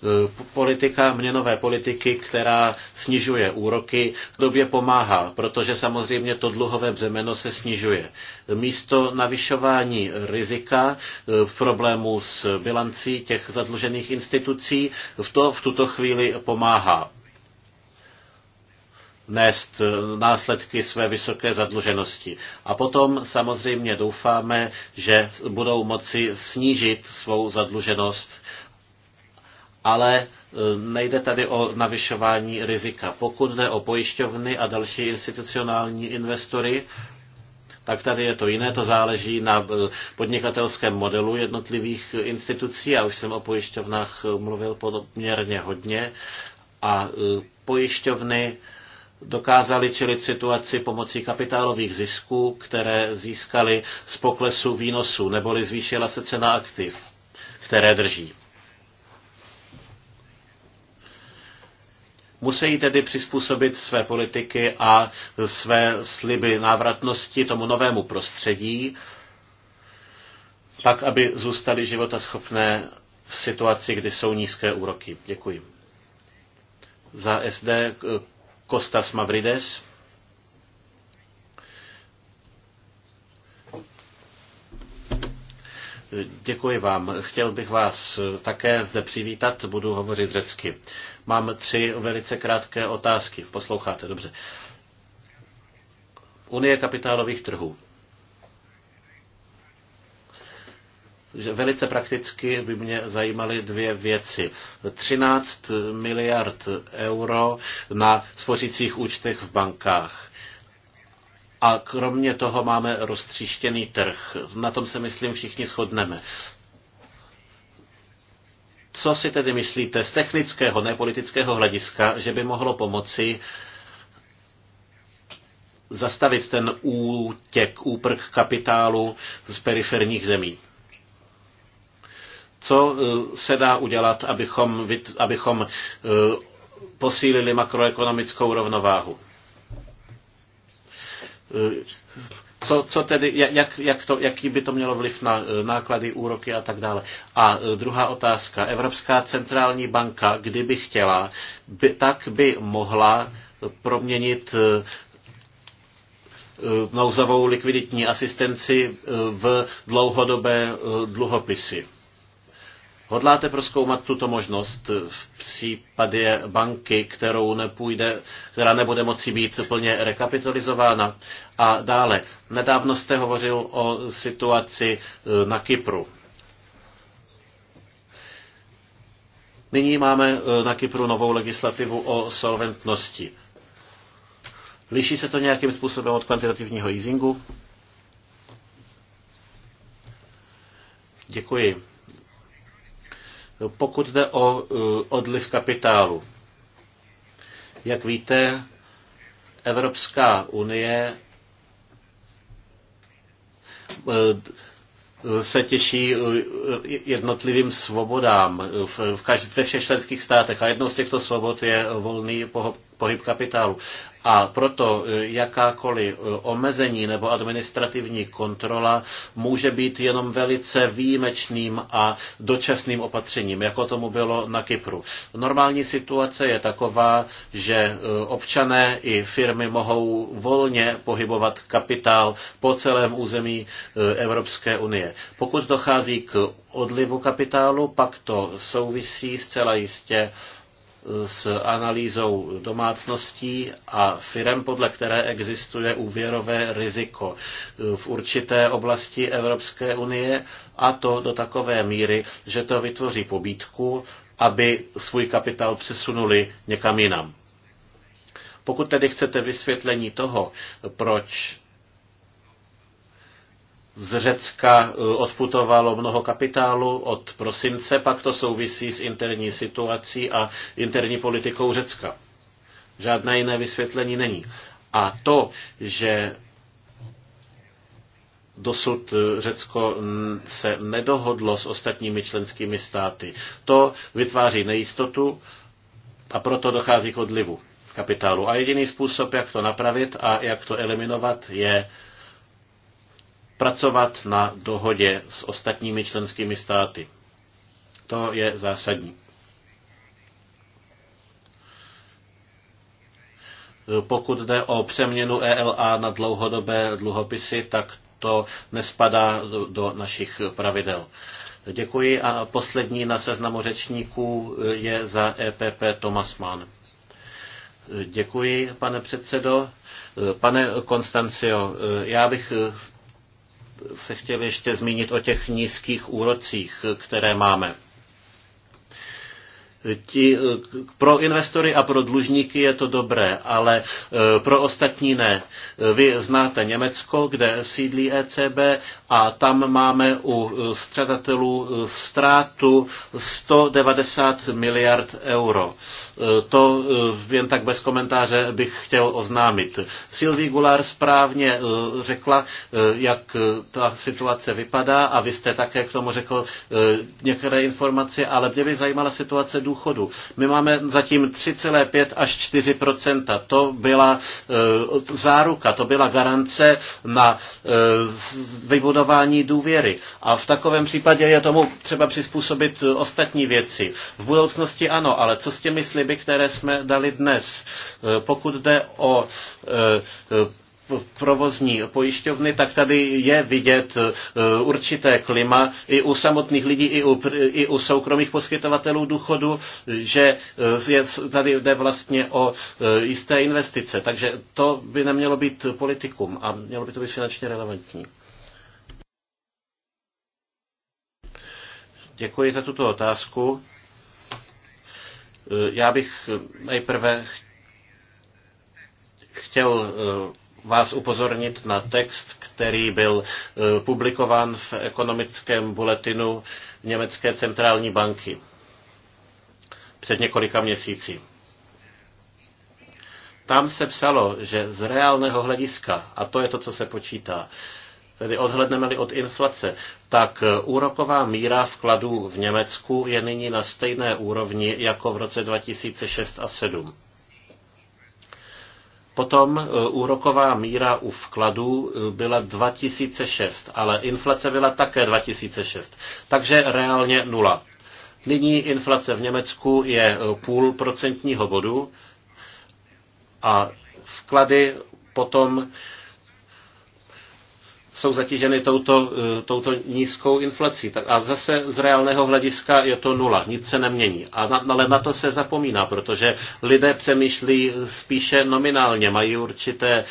Eh, politika měnové politiky, která snižuje úroky, době pomáhá, protože samozřejmě to dluhové břemeno se snižuje. Místo navyšování rizika v eh, problému s bilancí těch zadlužených institucí v to v tuto chvíli pomáhá nést eh, následky své vysoké zadluženosti. A potom samozřejmě doufáme, že budou moci snížit svou zadluženost ale e, nejde tady o navyšování rizika. Pokud jde o pojišťovny a další institucionální investory, tak tady je to jiné, to záleží na e, podnikatelském modelu jednotlivých institucí. Já už jsem o pojišťovnách e, mluvil poměrně hodně a pojišťovny dokázali čelit situaci pomocí kapitálových zisků, které získali z poklesu výnosů, neboli zvýšila se cena aktiv, které drží. Musí tedy přizpůsobit své politiky a své sliby návratnosti tomu novému prostředí, tak, aby zůstaly životaschopné v situaci, kdy jsou nízké úroky. Děkuji. Za SD Kostas Mavrides. Děkuji vám. Chtěl bych vás také zde přivítat, budu hovořit řecky. Mám tři velice krátké otázky. Posloucháte, dobře. Unie kapitálových trhů. velice prakticky by mě zajímaly dvě věci. 13 miliard euro na spořících účtech v bankách a kromě toho máme roztříštěný trh. Na tom se, myslím, všichni shodneme. Co si tedy myslíte z technického, nepolitického hlediska, že by mohlo pomoci zastavit ten útěk, úprk kapitálu z periferních zemí? Co e, se dá udělat, abychom, abychom e, posílili makroekonomickou rovnováhu? Eh, co, co tedy, jak, jak to, jaký by to mělo vliv na eh, náklady, úroky a tak dále. A eh, druhá otázka. Evropská centrální banka, kdyby chtěla, by, tak by mohla proměnit nouzovou likviditní asistenci v dlouhodobé dluhopisy. Hodláte proskoumat tuto možnost v případě banky, kterou nepůjde, která nebude moci být plně rekapitalizována? A dále, nedávno jste hovořil o situaci eh, na Kypru. Nyní máme eh, na Kypru novou legislativu o solventnosti. Liší se to nějakým způsobem od kvantitativního easingu? Děkuji. No, pokud jde o eh, odliv kapitálu, jak víte, Evropská unie eh, se těší eh, jednotlivým svobodám v ve všech členských státech a jednou z těchto svobod je volný pohyb kapitálu. A proto e, jakákoliv e, omezení nebo administrativní kontrola může být jenom velice výjimečným a dočasným opatřením, jako tomu bylo na Kypru. Normální situace je taková, že e, občané i firmy mohou volně pohybovat kapitál po celém území Evropské unie. Pokud dochází k odlivu kapitálu, pak to souvisí zcela jistě s analýzou domácností a firem, podle které existuje úvěrové riziko v určité oblasti Evropské unie a to do takové míry, že to vytvoří pobídku, aby svůj kapitál přesunuli někam jinam. Pokud tedy chcete vysvětlení toho, proč z Řecka e, odputovalo mnoho kapitálu od prosince, pak to souvisí s interní situací a interní politikou Řecka. Žádné jiné vysvětlení není. A to, že dosud e, Řecko se nedohodlo s ostatními členskými státy, to vytváří nejistotu a proto dochází k odlivu kapitálu. A jediný způsob, jak to napravit a jak to eliminovat, je pracovat na dohodě s ostatními členskými státy. To je zásadní. Pokud jde o přeměnu ELA na dlouhodobé dluhopisy, tak to nespadá do, našich pravidel. Děkuji a poslední na seznamu řečníků je za EPP Thomas Mann. Děkuji, pane předsedo. Pane Konstancio, já bych se chtěl ještě zmínit o těch nízkých úrocích, které máme. Ti, eh, pro investory a pro dlužníky je to dobré, ale eh, pro ostatní ne. Eh, vy znáte Německo, kde sídlí ECB a tam máme u střadatelů ztrátu 190 miliard euro. To jen tak bez komentáře bych chtěl oznámit. Sylvie Gulár správně řekla, jak ta situace vypadá a vy jste také k tomu řekl některé informace, ale mě by zajímala situace důchodu. My máme zatím 3,5 až 4 To byla eh, záruka, to byla garance na eh, vybudování důvěry. A v takovém případě je tomu třeba přizpůsobit ostatní věci. V budoucnosti ano, ale co s těmi sliby, které jsme dali dnes? Eh, pokud jde o provozní pojišťovny, tak tady je vidět e, určité klima i u samotných lidí, i u, i u soukromých poskytovatelů důchodu, že e, je, tady jde vlastně o e, jisté investice. Takže to by nemělo být politikum a mělo by to být finančně relevantní. Děkuji za tuto otázku. Já bych nejprve chtěl vás upozornit na text, který byl e, publikován v ekonomickém buletinu Německé centrální banky před několika měsíci. Tam se psalo, že z reálného hlediska, a to je to, co se počítá, tedy odhledneme-li od inflace, tak e, úroková míra vkladů v Německu je nyní na stejné úrovni jako v roce 2006 a 2007. Potom e, úroková míra u vkladů e, byla 2006, ale inflace byla také 2006, takže reálně nula. Nyní inflace v Německu je e, půl procentního bodu a vklady potom jsou zatíženy touto, e, touto nízkou inflací. Tak a zase z reálného hlediska je to nula, nic se nemění. A na, ale na to se zapomíná, protože lidé přemýšlí spíše nominálně, mají určité,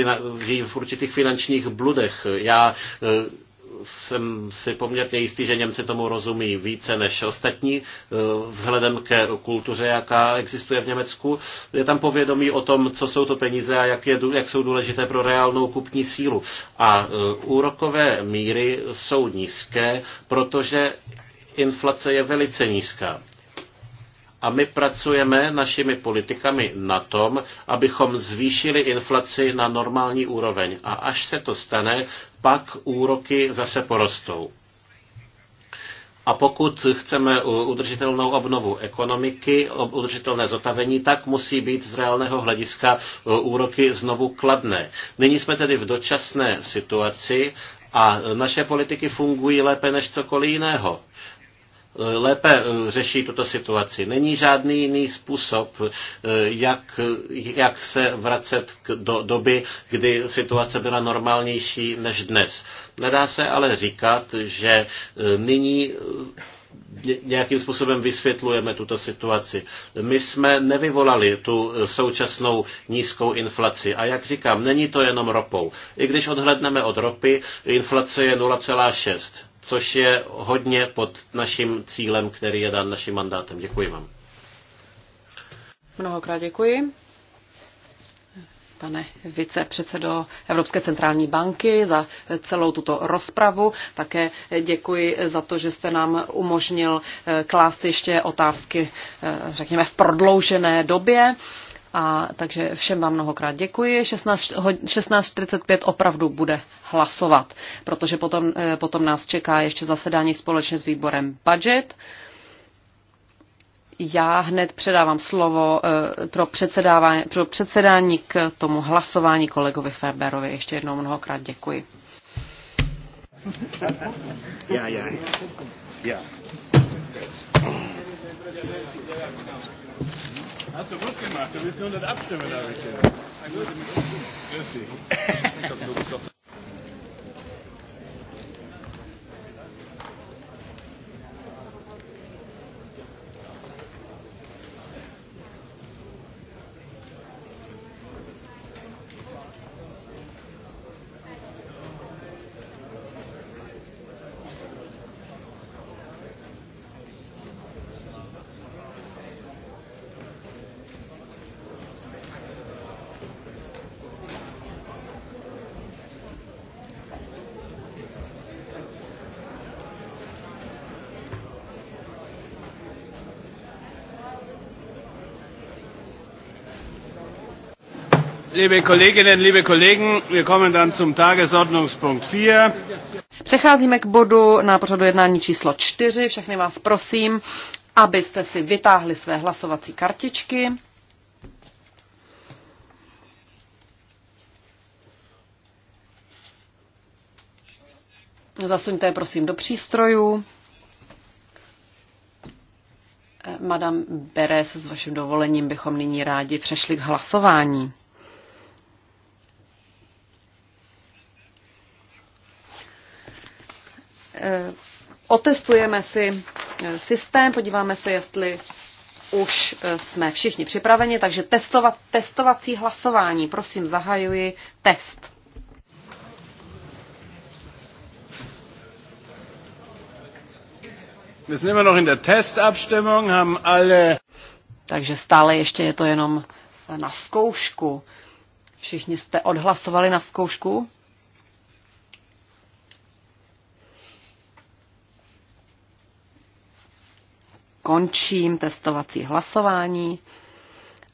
e, žijí v určitých finančních bludech. Já e, jsem si poměrně jistý, že Němci tomu rozumí více než ostatní, eh, vzhledem ke kultuře, jaká existuje v Německu. Je tam povědomí o tom, co jsou to peníze a jak, je, jak jsou důležité pro reálnou kupní sílu. A eh, úrokové míry jsou nízké, protože inflace je velice nízká. A my pracujeme našimi politikami na tom, abychom zvýšili inflaci na normální úroveň. A až se to stane, pak úroky zase porostou. A pokud chceme udržitelnou obnovu ekonomiky, udržitelné zotavení, tak musí být z reálného hlediska e, úroky znovu kladné. Nyní jsme tedy v dočasné situaci a naše politiky fungují lépe než cokoliv jiného. Eh, lépe eh, řeší tuto situaci. Není žádný jiný způsob, eh, jak, jak se vracet k, do doby, kdy situace byla normálnější než dnes. Nedá se ale říkat, že nyní nějakým způsobem vysvětlujeme tuto situaci. My jsme nevyvolali tu současnou nízkou inflaci. A jak říkám, není to jenom ropou. I když odhledneme od ropy, inflace je 0,6 což je hodně pod naším cílem, který je dán naším mandátem. Děkuji vám. Mnohokrát děkuji. Pane vicepředsedo Evropské centrální banky, za celou tuto rozpravu. Také děkuji za to, že jste nám umožnil eh, klást ještě otázky, eh, řekněme, v prodloužené době. A takže všem vám mnohokrát děkuji. 16.45 16, opravdu bude hlasovat, protože potom, eh, potom nás čeká ještě zasedání společně s výborem budget. Já hned předávám slovo eh, pro, předsedávání, pro předsedání k tomu hlasování kolegovi Feberovi. Ještě jednou mnohokrát děkuji. Já, já. Já. Hast du gut gemacht, du bist nur das Abstimmen, habe ich gehört. Grüß dich. Liebe Kolleginnen, liebe Kollegen, wir kommen dann zum Tagesordnungspunkt 4. Přecházíme k bodu na pořadu jednání číslo 4. Všechny vás prosím, abyste si vytáhli své hlasovací kartičky. Zasuňte je prosím do přístrojů. Eh, Madame Beres, s vaším dovolením bychom nyní rádi přešli k hlasování. otestujeme si eh, systém, podíváme se, jestli už eh, jsme všichni připraveni, takže testovat, testovací hlasování. Prosím, zahajuji test. Wir sind immer noch in der Testabstimmung, haben alle... Takže stále ještě je to jenom na zkoušku. Všichni jste odhlasovali na zkoušku? končím testovací hlasování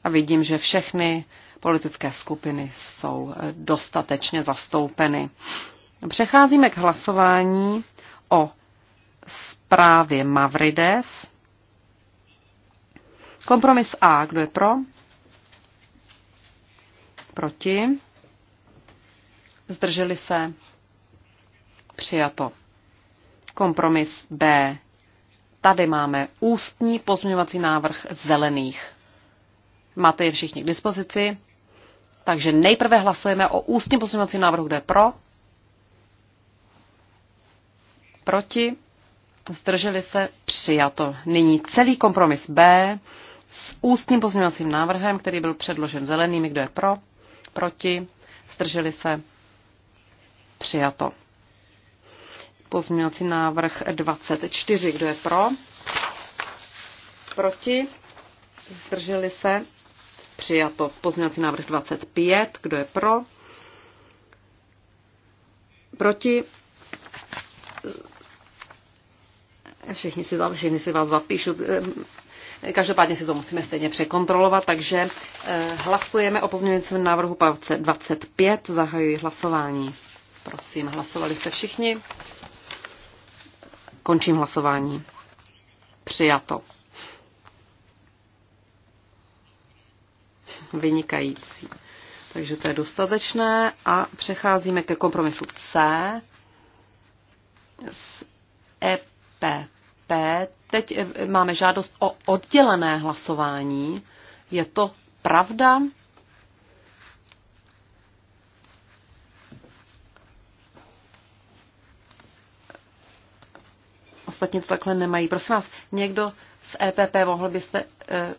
a vidím, že všechny politické skupiny jsou eh, dostatečně zastoupeny. Přecházíme k hlasování o zprávě Mavrides. Kompromis A. Kdo je pro? Proti? Zdrželi se? Přijato. Kompromis B. Tady máme ústní pozměňovací návrh zelených. Máte je všichni k dispozici. Takže nejprve hlasujeme o ústním pozměňovacím návrhu, kde pro, proti, zdrželi se, přijato. Nyní celý kompromis B s ústním pozměňovacím návrhem, který byl předložen zelenými, kdo je pro, proti, zdrželi se, přijato. Pozměňovací návrh 24. Kdo je pro? Proti? Zdrželi se? Přijato. Pozměňovací návrh 25. Kdo je pro? Proti? Všichni si, všichni si vás zapíšu. Ehm, každopádně si to musíme stejně překontrolovat, takže eh, hlasujeme o pozměňujícím návrhu 25. Zahajuji hlasování. Prosím, hlasovali jste všichni. Končím hlasování. Přijato. Vynikající. Takže to je dostatečné a přecházíme ke kompromisu C s EPP. Teď eh, máme žádost o oddělené hlasování. Je to pravda? ostatně to takhle nemají. Prosím vás, někdo z EPP mohl byste eh,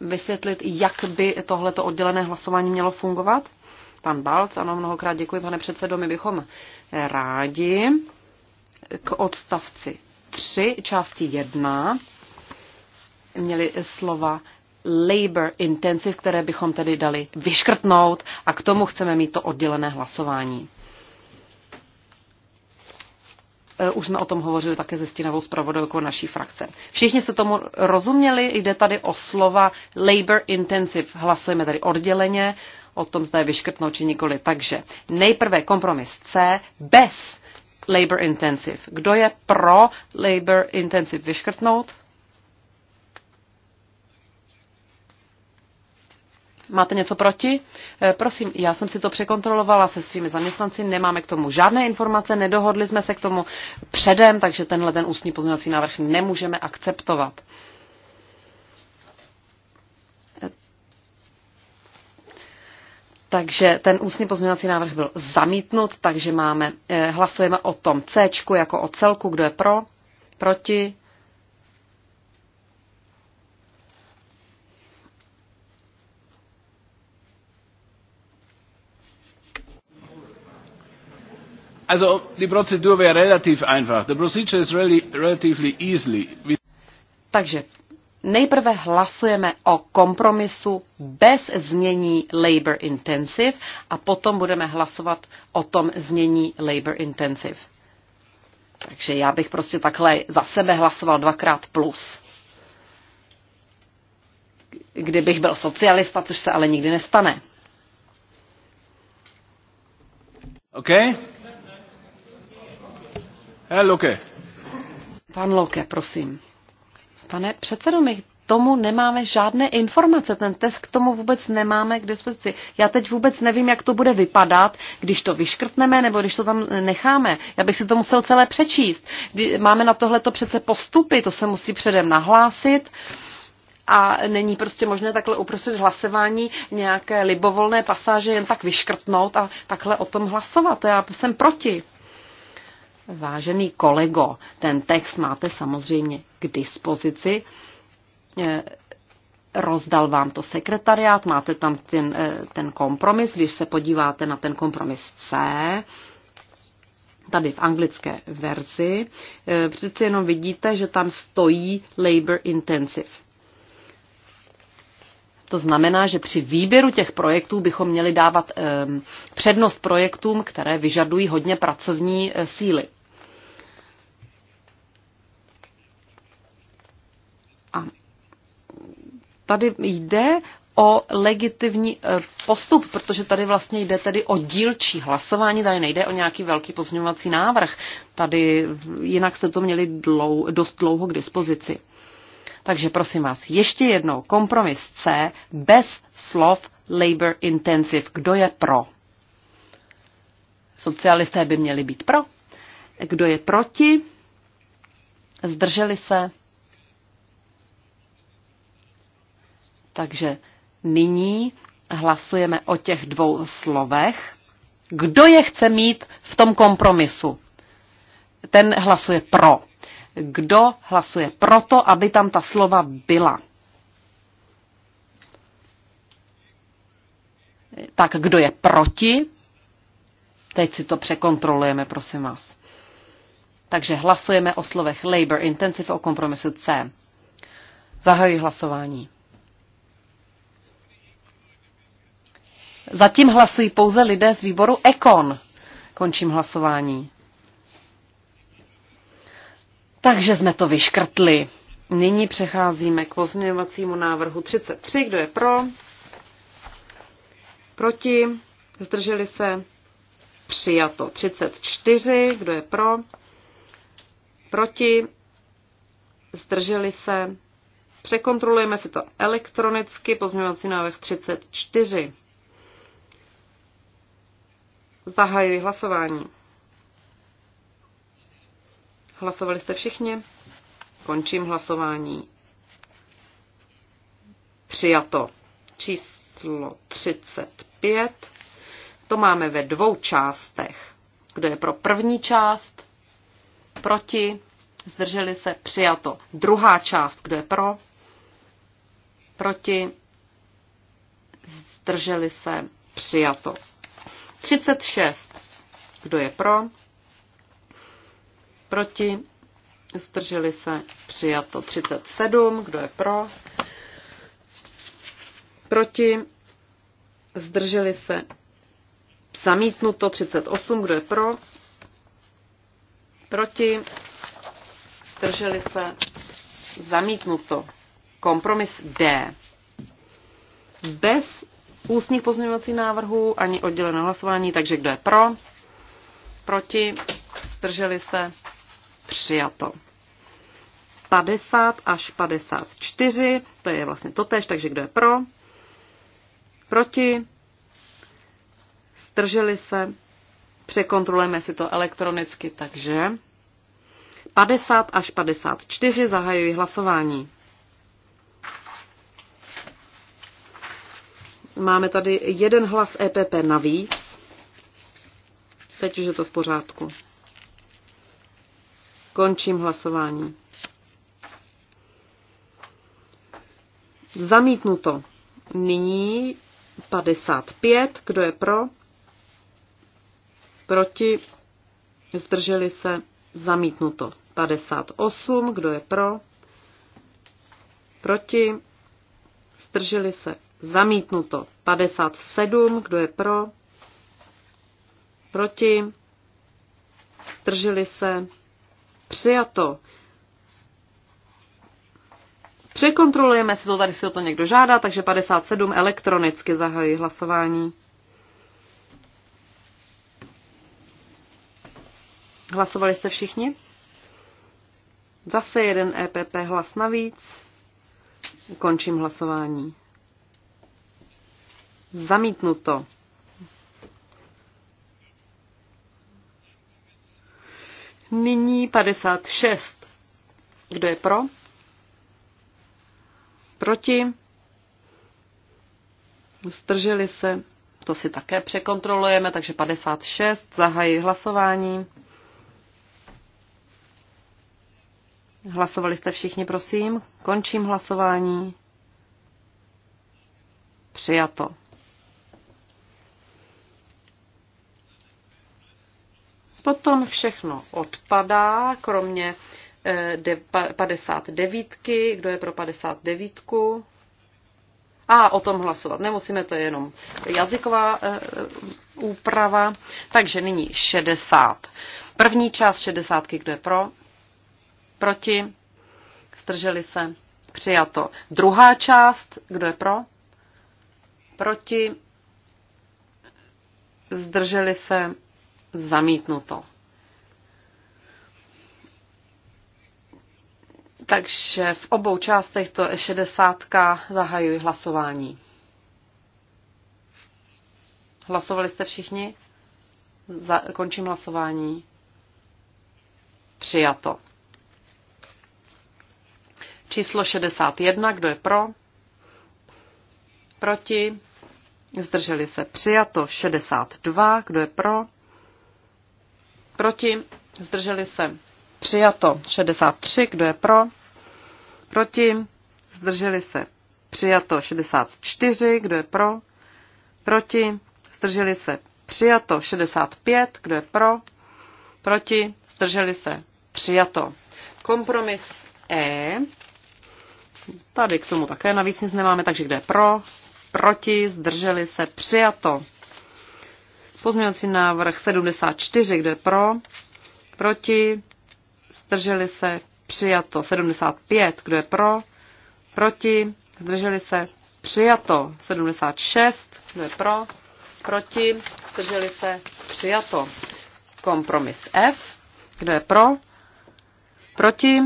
vysvětlit, jak by tohleto oddělené hlasování mělo fungovat? Pan Balc, ano, mnohokrát děkuji, pane předsedo, my bychom rádi k odstavci 3, části 1, měli slova labor intensive, které bychom tedy dali vyškrtnout a k tomu chceme mít to oddělené hlasování. Eh, už jsme o tom hovořili také se stínovou zpravodajkou naší frakce. Všichni se tomu rozuměli, jde tady o slova labor intensive. Hlasujeme tady odděleně o tom, zda je vyškrtnout či nikoli. Takže nejprve kompromis C bez labor intensive. Kdo je pro labor intensive vyškrtnout? Máte něco proti? Eh, prosím, já jsem si to překontrolovala se svými zaměstnanci, nemáme k tomu žádné informace, nedohodli jsme se k tomu předem, takže tenhle ten ústní pozměňovací návrh nemůžeme akceptovat. Eh, takže ten ústní pozměňovací návrh byl zamítnut, takže máme, eh, hlasujeme o tom C jako o celku, kdo je pro, proti, also die Prozedur wäre relativ einfach. The procedure is really, relatively easily. Takže nejprve hlasujeme o kompromisu bez znění labor intensive a potom budeme hlasovat o tom znění labor intensive. Takže já bych prostě takhle za sebe hlasoval dvakrát plus. Kdybych byl socialista, což se ale nikdy nestane. Okay? Herr eh, Luke. Pan Luke, prosím. Pane předsedo, my tomu nemáme žádné informace, ten test k tomu vůbec nemáme k dispozici. Já teď vůbec nevím, jak to bude vypadat, když to vyškrtneme nebo když to tam necháme. Já bych si to musel celé přečíst. Máme na tohle to přece postupy, to se musí předem nahlásit a není prostě možné takhle uprostřed hlasování nějaké libovolné pasáže jen tak vyškrtnout a takhle o tom hlasovat. Já jsem proti. Vážený kolego, ten text máte samozřejmě k dispozici. Eh, rozdal vám to sekretariát, máte tam ten, eh, ten kompromis. Když se podíváte na ten kompromis C, tady v anglické verzi, eh, přeci jenom vidíte, že tam stojí labor intensive. To znamená, že při výběru těch projektů bychom měli dávat ehm, přednost projektům, které vyžadují hodně pracovní e, síly. A tady jde o legitimní e, postup, protože tady vlastně jde tedy o dílčí hlasování, tady nejde o nějaký velký pozměňovací návrh. Tady jinak se to měli dlou, dost dlouho k dispozici. Takže prosím vás, ještě jednou kompromis C bez slov labor intensive. Kdo je pro? Socialisté by měli být pro. Kdo je proti? Zdrželi se? Takže nyní hlasujeme o těch dvou slovech. Kdo je chce mít v tom kompromisu? Ten hlasuje pro kdo hlasuje proto, aby tam ta slova byla. Tak kdo je proti? Teď si to překontrolujeme, prosím vás. Takže hlasujeme o slovech Labor Intensive o kompromisu C. Zahajuji hlasování. Zatím hlasují pouze lidé z výboru Ekon. Končím hlasování. Takže jsme to vyškrtli. Nyní přecházíme k pozměňovacímu návrhu 33. Kdo je pro? Proti? Zdrželi se? Přijato. 34. Kdo je pro? Proti? Zdrželi se? Překontrolujeme si to elektronicky. Pozměňovací návrh 34. Zahajuji hlasování. Hlasovali jste všichni? Končím hlasování. Přijato číslo 35. To máme ve dvou částech. Kdo je pro první část? Proti? Zdrželi se? Přijato. Druhá část. Kdo je pro? Proti? Zdrželi se? Přijato. 36. Kdo je pro? proti, zdrželi se, přijato 37, kdo je pro, proti, zdrželi se, zamítnuto 38, kdo je pro, proti, zdrželi se, zamítnuto. Kompromis D. Bez ústních pozměňovacích návrhů ani oddělené hlasování, takže kdo je pro, proti, zdrželi se, přijato. 50 až 54, to je vlastně totež, takže kdo je pro, proti, zdrželi se, překontrolujeme si to elektronicky, takže 50 až 54 zahajuji hlasování. Máme tady jeden hlas EPP navíc. Teď už je to v pořádku. Končím hlasování. Zamítnuto. Nyní 55. Kdo je pro? Proti? Zdrželi se? Zamítnuto. 58. Kdo je pro? Proti? Zdrželi se? Zamítnuto. 57. Kdo je pro? Proti? Zdrželi se? Přijato. Překontrolujeme si to, tady si o to někdo žádá, takže 57 elektronicky zahají hlasování. Hlasovali jste všichni? Zase jeden EPP hlas navíc. Ukončím hlasování. Zamítnuto. Nyní 56. Kdo je pro? Proti? Zdrželi se? To si také překontrolujeme, takže 56. Zahají hlasování. Hlasovali jste všichni, prosím. Končím hlasování. Přijato. Potom všechno odpadá, kromě 59, eh, kdo je pro 59. A o tom hlasovat nemusíme, to je jenom jazyková eh, eh, úprava. Takže nyní 60. První část 60, kdo je pro, proti, strželi se, přijato. Druhá část, kdo je pro, proti, zdrželi se, zamítnuto. Takže v obou částech to je 60 zahajuji hlasování. Hlasovali jste všichni? Za, končím hlasování. Přijato. Číslo 61, kdo je pro? Proti? Zdrželi se přijato 62, kdo je pro? Proti? Zdrželi se. Přijato. 63. Kdo je pro? Proti? Zdrželi se. Přijato. 64. Kdo je pro? Proti? Zdrželi se. Přijato. 65. Kdo je pro? Proti? Zdrželi se. Přijato. Kompromis E. Tady k tomu také navíc nic nemáme, takže kde je pro? Proti? Zdrželi se. Přijato. Pozměňovací návrh 74, kdo je pro, proti, zdrželi se, přijato. 75, kdo je pro, proti, zdrželi se, přijato. 76, kdo je pro, proti, zdrželi se, přijato. Kompromis F, kdo je pro, proti,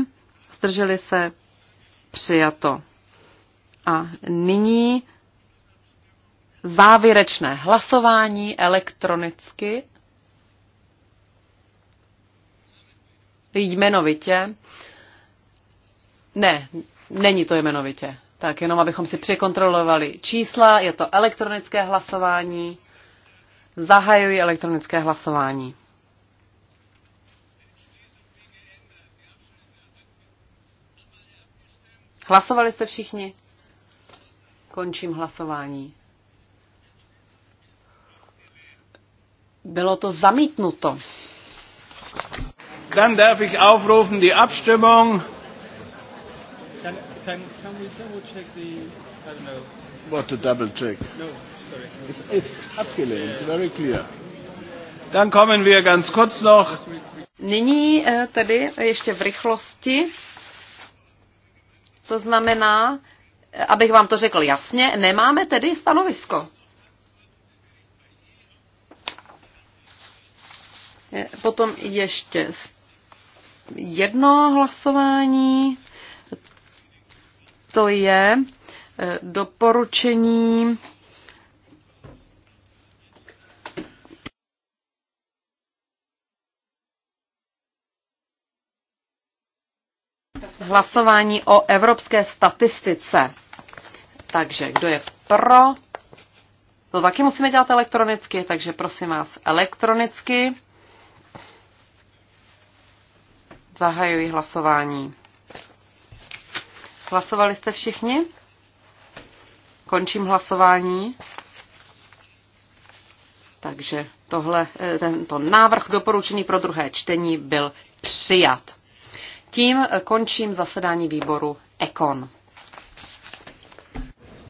zdrželi se, přijato. A nyní závěrečné hlasování elektronicky. Jmenovitě. Ne, není to jmenovitě. Tak jenom abychom si překontrolovali čísla, je to elektronické hlasování. Zahajuji elektronické hlasování. Hlasovali jste všichni? Končím hlasování. Bylo to zamítnuto. Dann darf ich aufrufen die Abstimmung. Can, can, can we double check the, I don't know. What to double check? No, sorry. It's, it's abgelehnt, yeah. very clear. Dann kommen wir ganz kurz noch. Nyní eh, tedy ještě v rychlosti. To znamená, eh, abych vám to řekl jasně, nemáme tedy stanovisko. Eh, potom ještě jedno hlasování, to je eh, doporučení hlasování o evropské statistice. Takže kdo je pro? To taky musíme dělat elektronicky, takže prosím vás elektronicky. Zahajuji hlasování. Hlasovali jste všichni? Končím hlasování. Takže tohle, eh, tento návrh doporučený pro druhé čtení byl přijat. Tím končím zasedání výboru Ekon.